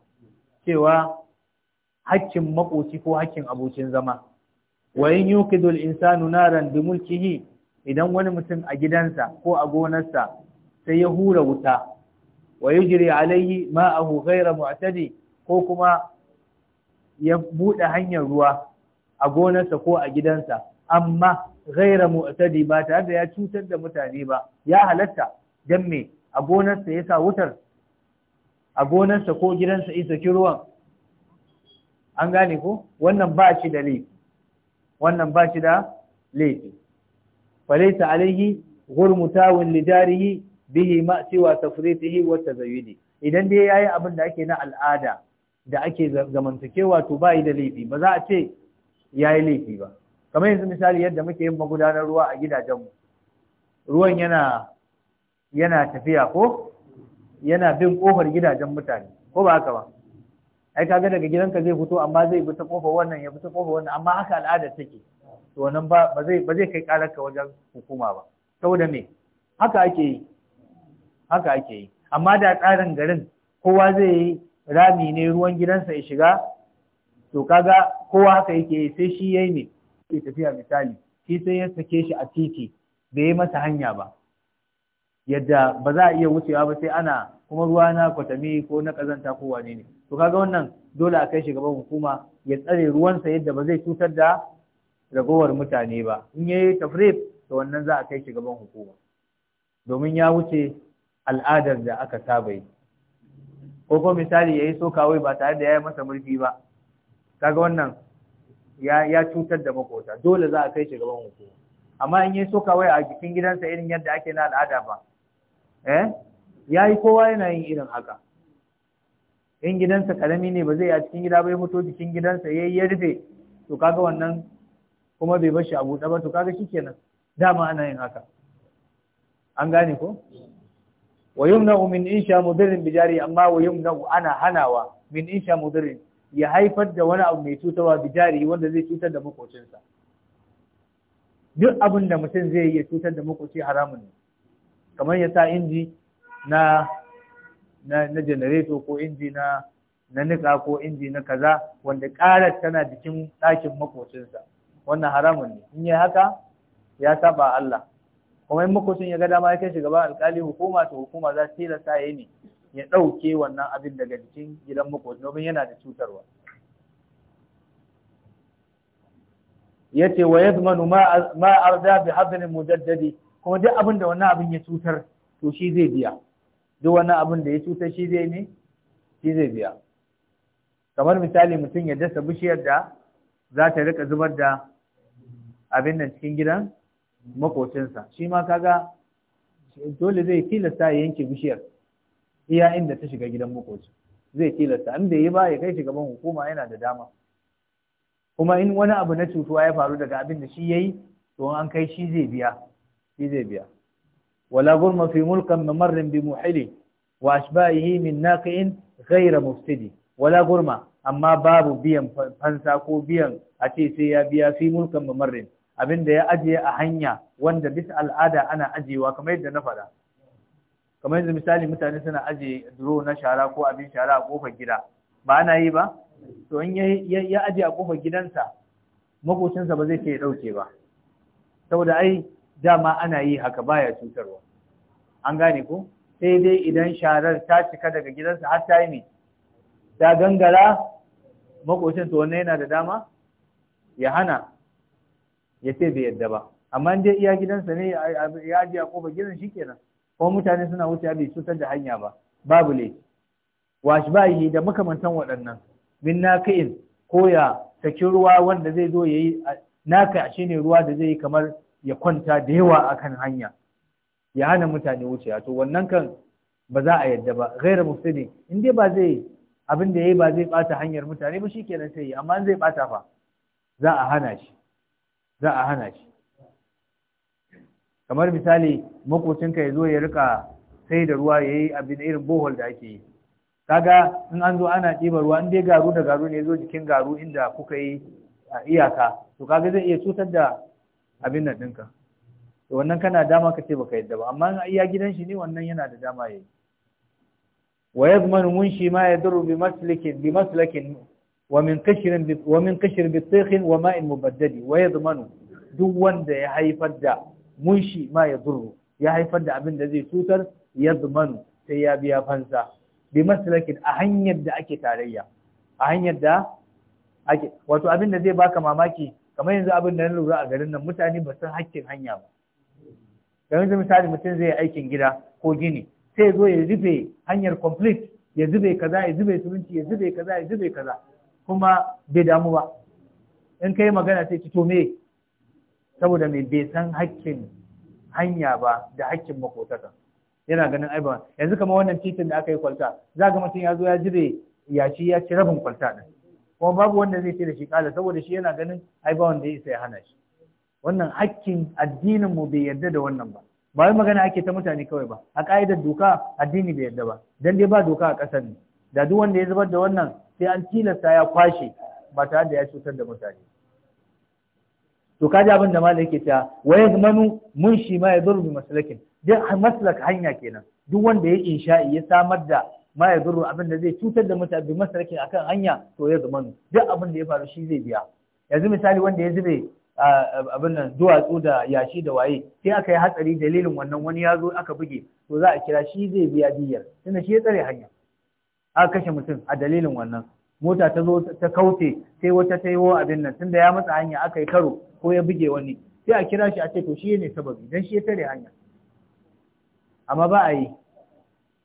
cewa hakkin makoci ko hakkin abokin zama wa in yuqidu al-insanu naran bi mulkihi idan wani mutum a gidansa ko a gonarsa sai ya hura wuta wa yujri alayhi ma'ahu ghayra mu'tadi ko kuma ya bude hanyar ruwa a gonarsa ko a gidansa amma ghayra mu'tadi ba tare da ya cutar da mutane ba ya halatta dan me a gonarsa yasa wutar a gonarsa ko gidansa isa kiruwan an gane ko wannan ba shi da laifi wannan ba shi da laifi falaita alaihi gurmutawun lidarihi bihi ma cewa tafritihi wa tazayyudi idan dai yayi abin da ake na al'ada da ake zamantakewa to ba yi da laifi ba za a ce yayi laifi ba kamar yanzu misali yadda muke yin magudanar ruwa a gidajenmu ruwan yana yana tafiya ko yana bin kofar gidajen mutane ko ba haka ba ai kaga daga gidanka zai fito amma zai bi ta kofa wannan ya bi ta kofa wannan amma haka al'ada take to wannan ba ba zai ba zai kai kararka wajen hukuma ba saboda me haka ake yi haka ake yi amma da tsarin garin kowa zai yi rami ne ruwan gidansa ya shiga to kaga kowa haka yake yi sai shi yayi ne sai tafiya misali shi sai ya sake shi a titi bai yi masa hanya ba yadda ba za a iya wucewa ba sai ana kuma ruwa na kwatami ko na kazanta ko wane ne to kaga wannan dole a kai shi gaban hukuma ya tsare ruwansa yadda ba zai cutar da ragowar mutane ba in yayi tafrif to wannan za a kai shi gaban hukuma domin ya wuce al'adar da aka saba yi ko ko misali yayi sokawai ba tare da yayi masa murfi ba kaga wannan ya ya cutar da makota dole za a kai shi gaban hukuma amma in yayi sokawai a cikin gidansa irin yadda ake na al'ada ba eh Ya yi kowa yana yin irin haka in gidansa karami ne ba zai yi a cikin gida ba ya fito cikin gidansa yayi ya rufe to kaga wannan kuma bai bashi a buɗe ba to kaga kenan dama ana yin haka an gane ko wa yumna'u min sha mudirin bijari amma wa yumna'u ana hanawa min in sha mudirin ya haifar da wani abu mai cutarwa bijari wanda zai cutar da makocinsa duk abin da mutum zai iya cutar da makoci haramun ne kamar ya sa inji na na na janareto ko inji na nika ko inji na kaza wanda karar tana jikin ɗakin makocinsa wannan haramun ne in yi haka ya saba Allah kuma in makocin ya ga dama ya kai shi gaban alkali hukuma to hukuma za ta tilasta ya ne ya ɗauke wannan abin daga jikin gidan makocin domin yana da cutarwa ya ce wa yadmanu ma arda bi hadrin mujaddadi kuma duk abin da wannan abin ya cutar to shi zai biya duk wani abin da ya cutar shi zai ne shi zai biya kamar misali mutum ya dasa bishiyar da za ta rika zubar da abin nan cikin gidan makocinsa shi ma kaga dole zai tilasta ya yanke bishiyar iya inda ta shiga gidan makoci zai tilasta Inda ya yi ba ya kai shi gaban hukuma yana da dama kuma in wani abu na cutuwa ya faru daga abin da shi ya yi, to an kai shi zai biya shi zai biya ولا غرم في ملك ممر بمحل وأشبائه من ناقع غير مفسد ولا غرم أما باب بيان فانساكو بيان أتي sai ya biya. Fi mulkan mamarin. Abinda ya ajiye a hanya wanda bisa al'ada ana ajiyewa kamar yadda na faɗa kamar yadda misali mutane suna ajiye duro na shara ko abin shara a kofar gida ba ana yi ba to in ya ajiye a kofar gidansa makocinsa ba zai ke ɗauke ba saboda ai dama ana yi haka baya cutarwa an gane ko sai dai idan sharar ta cika daga gidansa har ta yi ne ta gangara makocin to wannan yana da dama ya hana ya ce bai yadda ba amma dai iya gidansa ne ya ajiye a kofar gidan shi kenan ko mutane suna wuce bai cutar da hanya ba babu Washi ba yi da makamantan waɗannan min na ko ya saki ruwa wanda zai zo ya yayi naka shi ne ruwa da zai yi kamar ya kwanta da yawa a kan hanya ya hana mutane wucewa to wannan kan ba za a yadda ba gaira mufsidin in dai ba zai abin da yi ba zai ɓata hanyar mutane ba shikenan sai yi amma zai ɓata fa za a hana shi za a hana shi kamar misali makocinka ya zo ya rika sai da ruwa ya yayi abin irin bohol da ake yi kaga in an zo ana ɗiba ruwa in dai garu da garu ne ya zo jikin garu inda kuka yi a iyaka to kaga zai iya cutar da abin nan ɗinka to wannan kana dama ka ce baka yadda ba amma iya gidan shi ne wannan yana da dama yayi wa mun munshi ma yadurru bi maslakin bi maslakin wa min kashr wa min kashr bi taykhin wa ma'in mubaddadi wa yadmanu duk wanda ya haifar da munshi ma yadurru ya haifar da abin da zai cutar yadmanu sai ya biya fansa bi maslakin a hanyar da ake tarayya a hanyar da ake wato abin da zai baka mamaki kamar yanzu abin da na lura a garin nan mutane ba san hakkin hanya ba kamar yanzu misali mutum zai yi aikin gida ko gini sai zo ya zube hanyar complete ya zube kaza ya zube siminti ya zube kaza ya zube kaza kuma bai damu ba in kai magana sai to me saboda mai bai san hakkin hanya ba da hakkin makotaka yana ganin aiba yanzu kamar wannan titin da aka yi kwalta za ga mutum ya zo ya zube yashi ya ci rabin kwalta din kuma babu wanda zai ce da shi kala saboda shi yana ganin ai ba wanda ya isa ya hana shi wannan hakkin addinin mu bai yarda da wannan ba ba wai magana ake ta mutane kawai ba a ka'idar doka addini bai yarda ba dan dai ba doka a kasar ne da duk wanda ya zubar da wannan sai an tilasta ya kwashe ba tare da ya cutar da mutane to kaji abin da malai yake cewa wa manu mun shi ma ya zurbi maslakin duk maslak hanya kenan duk wanda ya insha'i ya samar da ma ya zurru abin da zai cutar da mutane bi masarakin akan hanya to ya zama duk abin da ya faru shi zai biya yanzu misali wanda ya zube abin nan duwatsu da yashi da waye sai aka yi hatsari dalilin wannan wani ya zo aka buge to za a kira shi zai biya diyar tunda shi ya tsare hanya aka kashe mutum a dalilin wannan mota ta zo ta kauce sai wata ta yi wa abin nan tunda ya matsa hanya aka yi karo ko ya buge wani sai a kira shi a ce to shi ne sababi dan shi ya tsare hanya amma ba a yi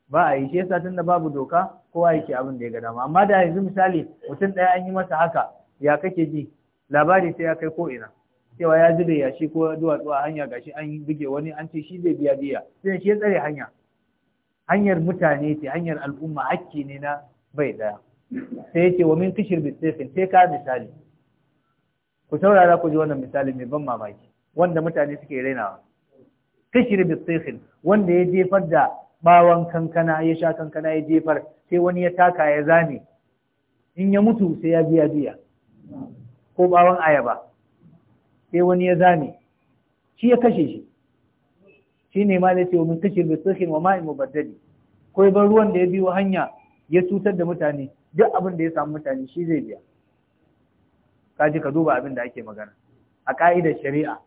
ba a yi shi yasa tunda babu doka kowa yake abin da ya ga dama amma da yanzu misali mutum ɗaya an yi masa haka ya kake ji labari sai ya kai ko ina cewa ya zube ya shi ko duwatsu a hanya gashi an buge wani an ce shi zai biya biya sai shi ya tsare hanya hanyar mutane ce hanyar al'umma hakki ne na bai daya sai ya wa min kishir bisifin sai ka misali ku saurara ku ji wannan misali mai ban mamaki wanda mutane suke rainawa kishir bisifin wanda ya jefar da bawan kankana ya sha kankana ya jefar sai wani ya taka ya zame in ya mutu sai ya biya biya ko bawan ayaba sai wani ya zame shi ya kashe shi shi ne ma da ce wa kashe mai tsakin wa ma'in mubaddali ko ya bar ruwan da ya biyo hanya ya cutar da mutane duk abin da ya samu mutane shi zai biya ka ji ka duba abin da ake magana a ka'idar shari'a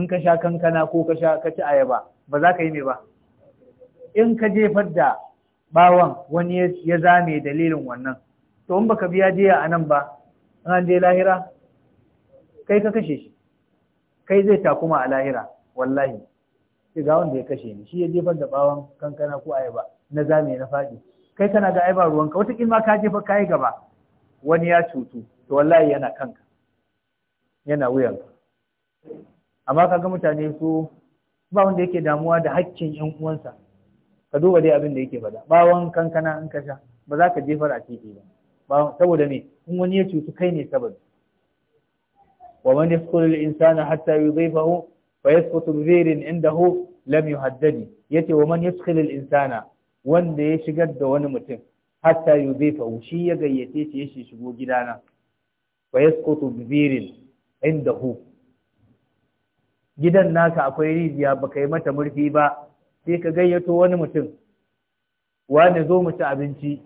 in ka sha kankana ko ka sha ka ci ayaba ba za ka yi me ba in ka jefar da bawan wani ya zame dalilin wannan to in baka biya jiya a nan ba an je lahira kai ka kashe shi kai zai takuma a lahira wallahi shi ga wanda ya kashe ni shi ya jefar da bawan kankana ko ayaba na zame na faɗi kai kana ga ayaba ruwanka wataƙil ma ka jefa kayi gaba wani ya cutu to wallahi yana kanka yana wuyanka amma kaga mutane su ba wanda yake damuwa da haƙƙin ƴan uwansa ka duba dai abin da yake faɗa bawon kankana in ka sha ba za ka jefar a titi ba saboda me in wani ya cutu kai ne saboda wa man yasqulu al-insana hatta yudhifahu fa yasqutu bi ghayrin indahu lam yuhaddadi yace wa man yasqulu al-insana wanda ya shigar da wani mutum hatta yudhifahu shi ya gayyace shi ya shigo gidana fa yasqutu bi ghayrin indahu gidan naka akwai rijiya baka yi mata murfi ba sai ka gayyato wani mutum wani zo mu ci abinci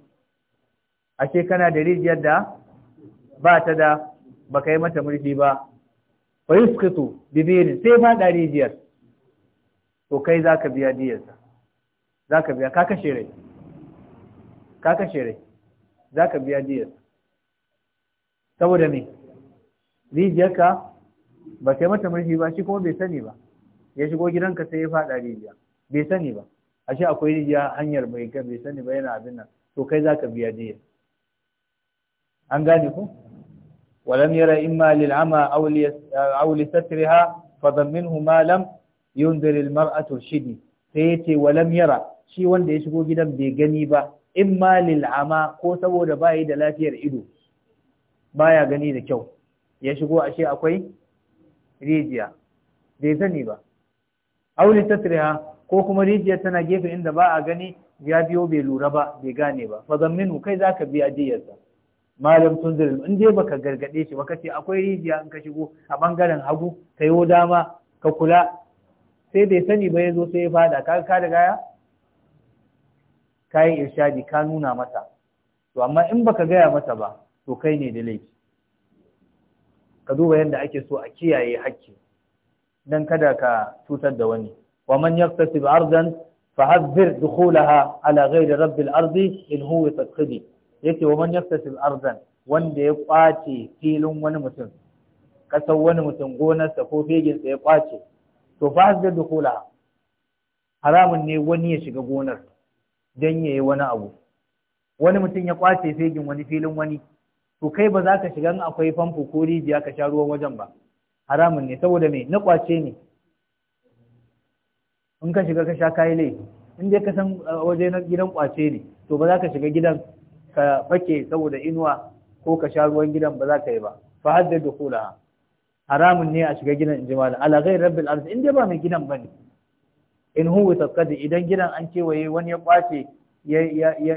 Ake kana da rijiyar da ba ta da ba yi mata murfi ba fa yusqitu bi birin sai ba da rijiyar to kai zaka biya diyarsa zaka biya ka kashe rai ka kashe rai zaka biya diyarsa saboda me rijiyarka ba kai mata murfi ba shi kuma bai sani ba ya shigo gidanka sai ya faɗa rijiyar. bai sani ba ashe akwai rijiya hanyar mai ga bai sani ba yana abin nan to kai zaka biya diya an gane ku walam yara imma lil ama aw li aw li satriha fadan minhu ma lam yundir al mar'atu shidi sai yace walam yara shi wanda ya shigo gidan bai gani ba imma lil ama ko saboda bai da lafiyar ido baya gani da kyau ya shigo a shi akwai rijiya bai sani ba aw li satriha ko kuma rijiyar tana gefe inda ba a gani ya biyo bai lura ba bai gane ba fa zamminu kai zaka biya diyarsa malam tunzir in dai baka gargade shi baka ce akwai rijiya in ka shigo a bangaren hagu ka yi dama ka kula sai bai sani ba ya zo sai ya fada ka ka da gaya kayan irshadi ka nuna masa to amma in baka gaya masa ba to kai ne da laifi ka duba yadda ake so a kiyaye hakki dan kada ka cutar da wani ومن يكتسب عرضا فعذر دخولها على غير رب الأرض إن هو تدخلي Yace, wa man yaktasib ardan wanda ya kwace filin wani mutum kasan wani mutum gonar gonarsa ko feginsa ya kwace to fa da dukula haramun ne wani ya shiga gonar Dan ya yi wani abu wani mutum ya kwace fegin wani filin wani to kai ba za ka shiga akwai famfo ko rijiya ka sha ruwan wajen ba haramun ne saboda me na kwace ne in ka shiga ka sha kayi laifi in dai ka san uh, waje na gidan kwace ne to ba za ka shiga gidan ka fake saboda inuwa ko ka sha ruwan gidan ba za ka yi ba fa da dukhulaha haramun ne a shiga gidan inji malam ala ghayr rabbil arz in dai ba mai gidan bane in huwa taqadi idan gidan an kewaye wani ya kwace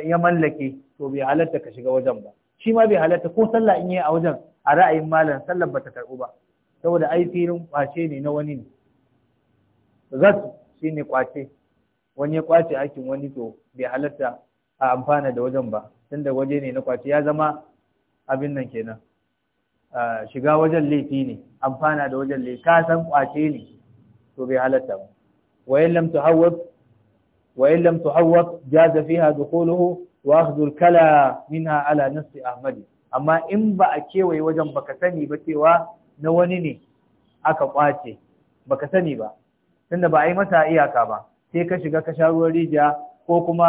ya mallake to bai halatta ka shiga wajen ba shi ma bai halatta ko sallah in yi a wajen a ra'ayin malam sallar ta karbu ba saboda ai filin kwace ne na wani ne ne kwace wani ya kwace aikin wani to bai halatta a amfana da wajen ba tunda waje ne na kwace ya zama abin nan kenan shiga wajen laifi ne amfana da wajen laifi ka san kwace ne to bai halatta ba wayan lam tuhawwab wayan lam tuhawwab jaza fiha dukhuluhu wa akhdhu al-kala minha ala nafsi ahmad amma in ba a kewaye wajen baka sani ba cewa na wani ne aka kwace baka sani ba tunda ba a yi masa iyaka ba sai ka shiga ka sha ruwan rijiya ko kuma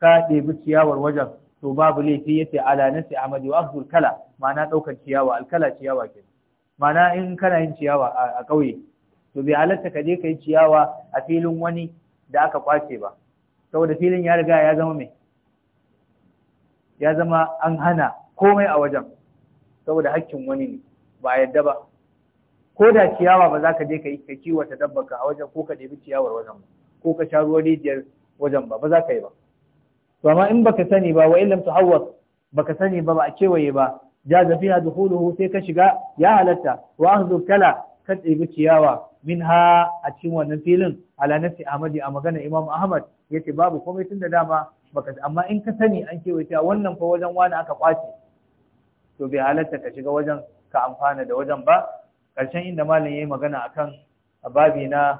ka ɗebi ciyawar wajen to babu laifi ce ala nasi amadi wa afdul kala ma'ana ɗaukar ciyawa alkala ciyawa ke ma'ana in kana yin ciyawa a ƙauye to bai halarta ka je ka yi ciyawa a filin wani da aka kwace ba saboda filin ya riga ya zama mai ya zama an hana komai a wajen saboda hakkin wani ne ba a yadda ba ko da ciyawa ba za ka je ka yi ka dabba ka a wajen ko ka ɗebi ciyawar wajen ko ka sha ruwan rijiyar wajen ba ba za ka yi ba to amma in baka sani ba wa illam tuhawwas baka sani ba ba a kewaye ba ja jaza fiha dukhuluhu sai ka shiga ya halatta wa zo kala ka ɗebi ciyawa minha a cikin wannan filin ala nafsi ahmadi a magana imam ahmad yace babu komai tun da dama baka amma in ka sani an kewaye ta wannan fa wajen wani aka kwace to bai halatta ka shiga wajen ka amfana da wajen ba ƙarshen inda malam ya yi magana a kan babi na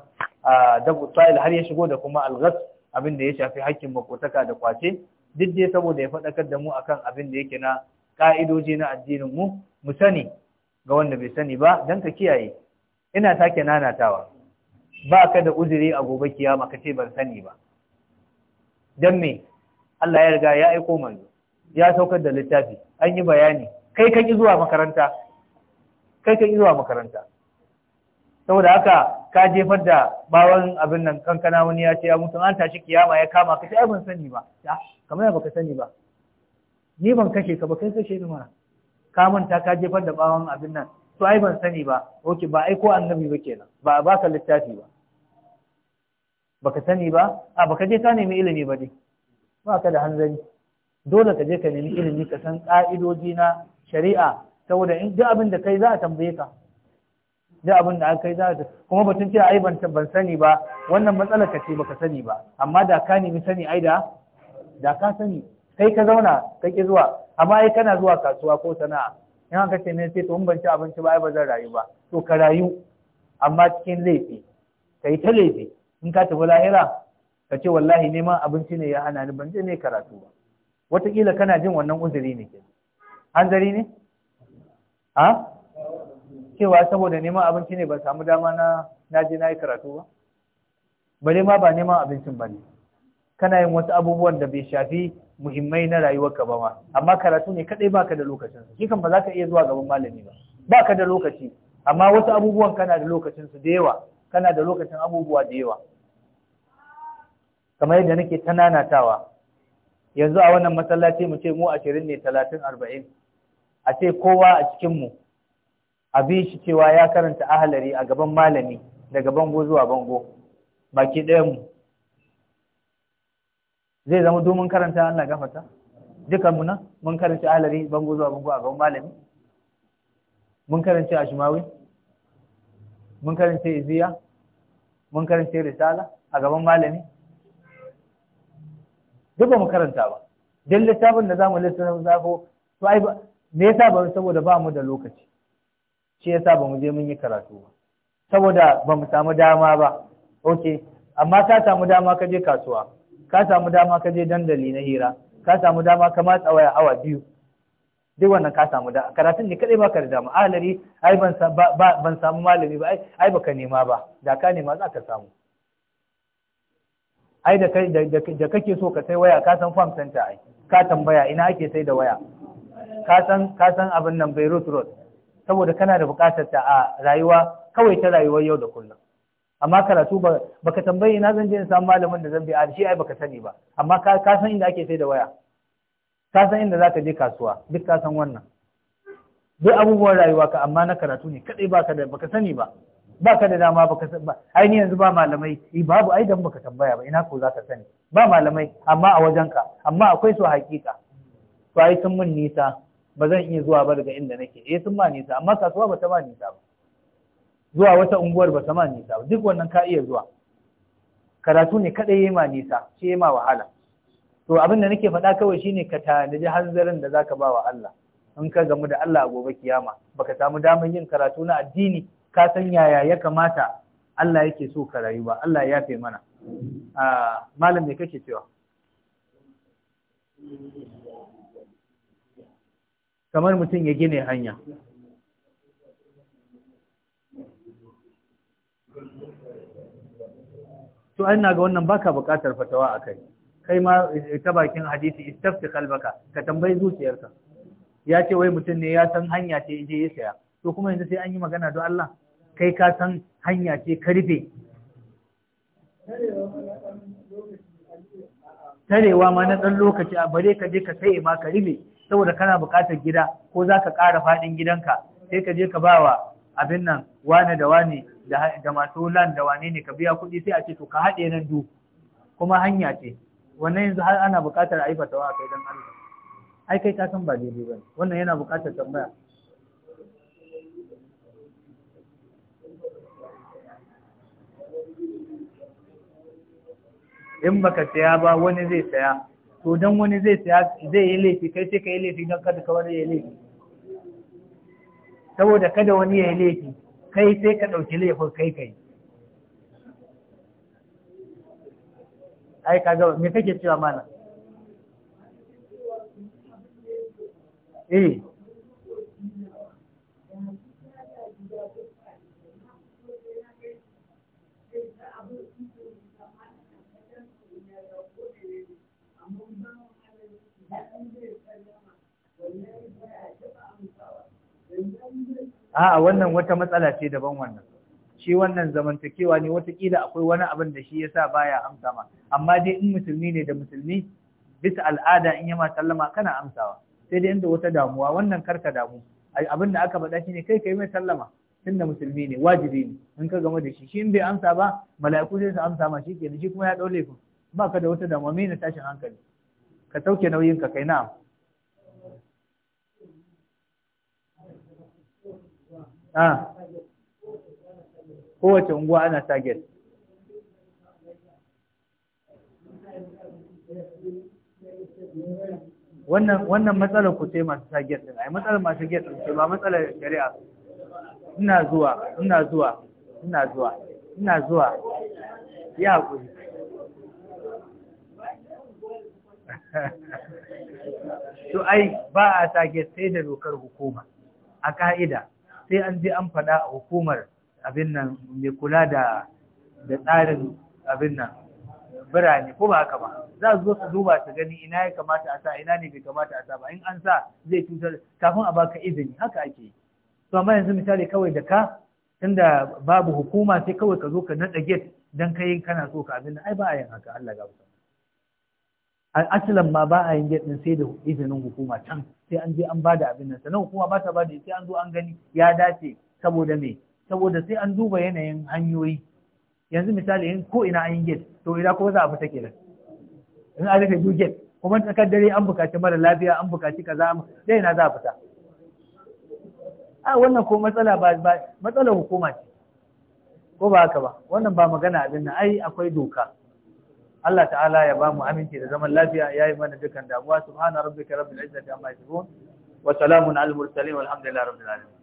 dabu har ya shigo da kuma algas abin da ya shafi hakkin makotaka da kwace duk dai saboda ya faɗakar da mu kan abin da yake na ƙa'idoji na addininmu mu sani ga wanda bai sani ba don ka kiyaye ina sake nanatawa ba ka da uzuri a gobe kiyama ka ce ban sani ba don me Allah ya riga ya aiko manzo ya saukar da littafi an yi bayani kai ka ki zuwa makaranta kai kai zuwa makaranta saboda haka ka jefar da bawan abin nan kankana wani ya ce ya mutu an tashi kiyama ya kama ka ai ban sani ba kamar ya baka sani ba ni ban kashe ka ba kai kashe ni ma ka manta ka jefar da bawan abin nan to ai ban sani ba oke ba ai ko annabi ba kenan ba a ka littafi ba baka sani ba a baka je ka nemi ilimi ba dai ba ka da hanzari dole ka je ka nemi ilimi ka san ƙa'idoji na shari'a saboda in duk abin da kai za a tambaye ka duk abin da kai za a kuma batun cewa ai ban sani ba wannan matsalar ka ce baka sani ba amma da ka nemi sani ai da da ka sani kai ka zauna ka ki zuwa amma ai kana zuwa kasuwa ko sana'a in aka ce ne sai to in ban ci abinci ba ai ba zan rayu ba to ka rayu amma cikin laifi kai ta laifi in ka tafi lahira ka ce wallahi neman abinci ne ya hana ni ban je ne karatu ba wataƙila kana jin wannan uzuri ne ke hanzari ne ha cewa saboda neman abinci ne ba samu dama na na na yi karatu ba bare ma ba neman abincin ba ne kana yin wasu abubuwan da bai shafi muhimmai na rayuwarka ba ma amma karatu ne kadai baka da lokacin shi kan ba za ka iya zuwa gaban malami ba baka da lokaci amma wasu abubuwan kana da lokacin su da yawa kana da lokacin abubuwa da yawa kamar yadda nake tananatawa yanzu a wannan masallaci mu ce mu ashirin ne talatin arba'in a ce kowa a cikinmu a bi shi cewa ya karanta ahalari a gaban malami daga bango zuwa bango baki ɗayanmu zai zama domin karanta Allah gafata dukanmu na mun karanta ahalari bango zuwa bango a gaban malami mun karanta ashimawi mun karanta iziya mun karanta risala a gaban malami duk ba mu karanta ba don littafin da za mu littafin zafo to ai me yasa ba saboda ba mu da lokaci shi yasa ba mu je mun yi karatu ba saboda ba mu samu dama ba ok amma ka samu dama ka je kasuwa ka samu dama ka je dandali na hira ka samu dama ka matsa waya awa biyu duk wannan ka samu da karatun ne kadai baka da dama alari ai ban ban samu malami ba ai baka nema ba da ka nema za ka samu ai da kai da kake so ka sai waya ka san farm center ai ka tambaya ina ake sai da waya kasan san abin nan Beirut Road saboda kana da buƙatar ta a rayuwa kawai ta rayuwar yau da kullum amma karatu ba baka tambayi ina zan je in samu malamin da zan bi a shi ai baka sani ba amma ka inda ake sai da waya ka san inda zaka je kasuwa duk ka wannan duk abubuwan rayuwa ka amma na karatu ne kadai baka da baka sani ba baka da dama baka san ba ai yanzu ba malamai eh babu ai dan baka tambaya ba ina ko zaka sani ba malamai amma a wajenka amma akwai su hakika to ai sun mun nisa ba zan iya zuwa ba daga inda nake eh sun ma nisa amma kasuwa ba ta ma nisa ba zuwa wata unguwar ba ta ma nisa ba duk wannan ka iya zuwa karatu ne kada yayi ma nisa shi yayi ma wahala to abin da nake faɗa kawai shine ka tanaji hanzarin da zaka ba wa Allah in ka gamu da Allah a gobe kiyama baka samu damar yin karatu na addini ka san yaya ya kamata Allah yake so ka rayu ba Allah ya yafe mana ah, malam me kake cewa kamar mutum ya gine hanya to an na ga wannan baka bukatar fatawa a kai kai ma eh, ta bakin hadisi istafti kalbaka ka tambayi zuciyarka ya ce wai mutum ne ya san hanya ce je ya saya to kuma yanzu sai an yi magana don Allah kai ka san hanya ce ka tarewa ma na ɗan lokaci a bare ka je ka saye ma ka saboda kana buƙatar gida ko za ka ƙara faɗin gidanka sai ka je ka ba wa abin nan wane da wane da masu lan da wane ne ka biya kuɗi sai a ce to ka haɗe nan du kuma hanya ce wannan yanzu har ana buƙatar a yi fatawa a kai don Allah ai kai ka san ba daidai ba wannan yana buƙatar tambaya in baka saya ba wani zai saya to don wani zai zai yi laifi kai sai ka yi laifi don kada ka wani yi laifi saboda kada wani ya yi laifi kai sai ka ɗauki laifin kai kai ai kaga me kake cewa mana eh a'a wannan wata matsala ce daban wannan shi wannan zamantakewa ne watakila akwai wani abin da shi yasa baya amsa ma amma dai in musulmi ne da musulmi bisa al'ada in yama sallama kana amsawa sai dai inda wata damuwa wannan karka damu abin da aka faɗa shine kai kai mai sallama tunda musulmi ne wajibi ne in ka gama da shi shi in bai amsa ba mala'iku zai su amsa ma shi kenan shi kuma ya ɗau laifin ba da wata damuwa mai na tashin hankali ka tauke nauyin ka kai na a kowace unguwa ana target wannan wannan matsalar ku sai masu target din ai matsalar masu target din ba matsalar shari'a ina zuwa ina zuwa ina zuwa ina zuwa ya hakuri to ai ba a sake sai da dokar hukuma a ka'ida sai an je an faɗa a hukumar abin nan mai kula da tsarin abin nan birane ko ba haka ba za su zo su duba su gani ina ya kamata a sa ina ne bai kamata a sa ba in an sa zai cutar kafin a baka izini haka ake yi to amma yanzu misali kawai da ka tunda babu hukuma sai kawai ka zo ka naɗa gate don kai kana so ka abin nan ai ba a yin haka Allah ya gafarta a asalan ma ba a yin gate din sai da izinin hukuma can sai an je an ba da abin nan sannan hukuma ba ta ba da sai an zo an gani ya dace saboda me saboda sai an duba yanayin hanyoyi yanzu misali in ko ina an yi gate, to ina kuma za a fita kenan in an rufe duk kuma tsakar dare an bukaci mara lafiya an bukaci kaza dai ina za a fita a wannan ko matsala ba matsalar hukuma ce ko ba haka ba wannan ba magana abin nan ai akwai doka Allah ta'ala ya ba mu aminci da zaman lafiya ya yi mana dukan damuwa subhana rabbika rabbil izzati amma yasifun wa salamun alal mursalin walhamdulillahi rabbil alamin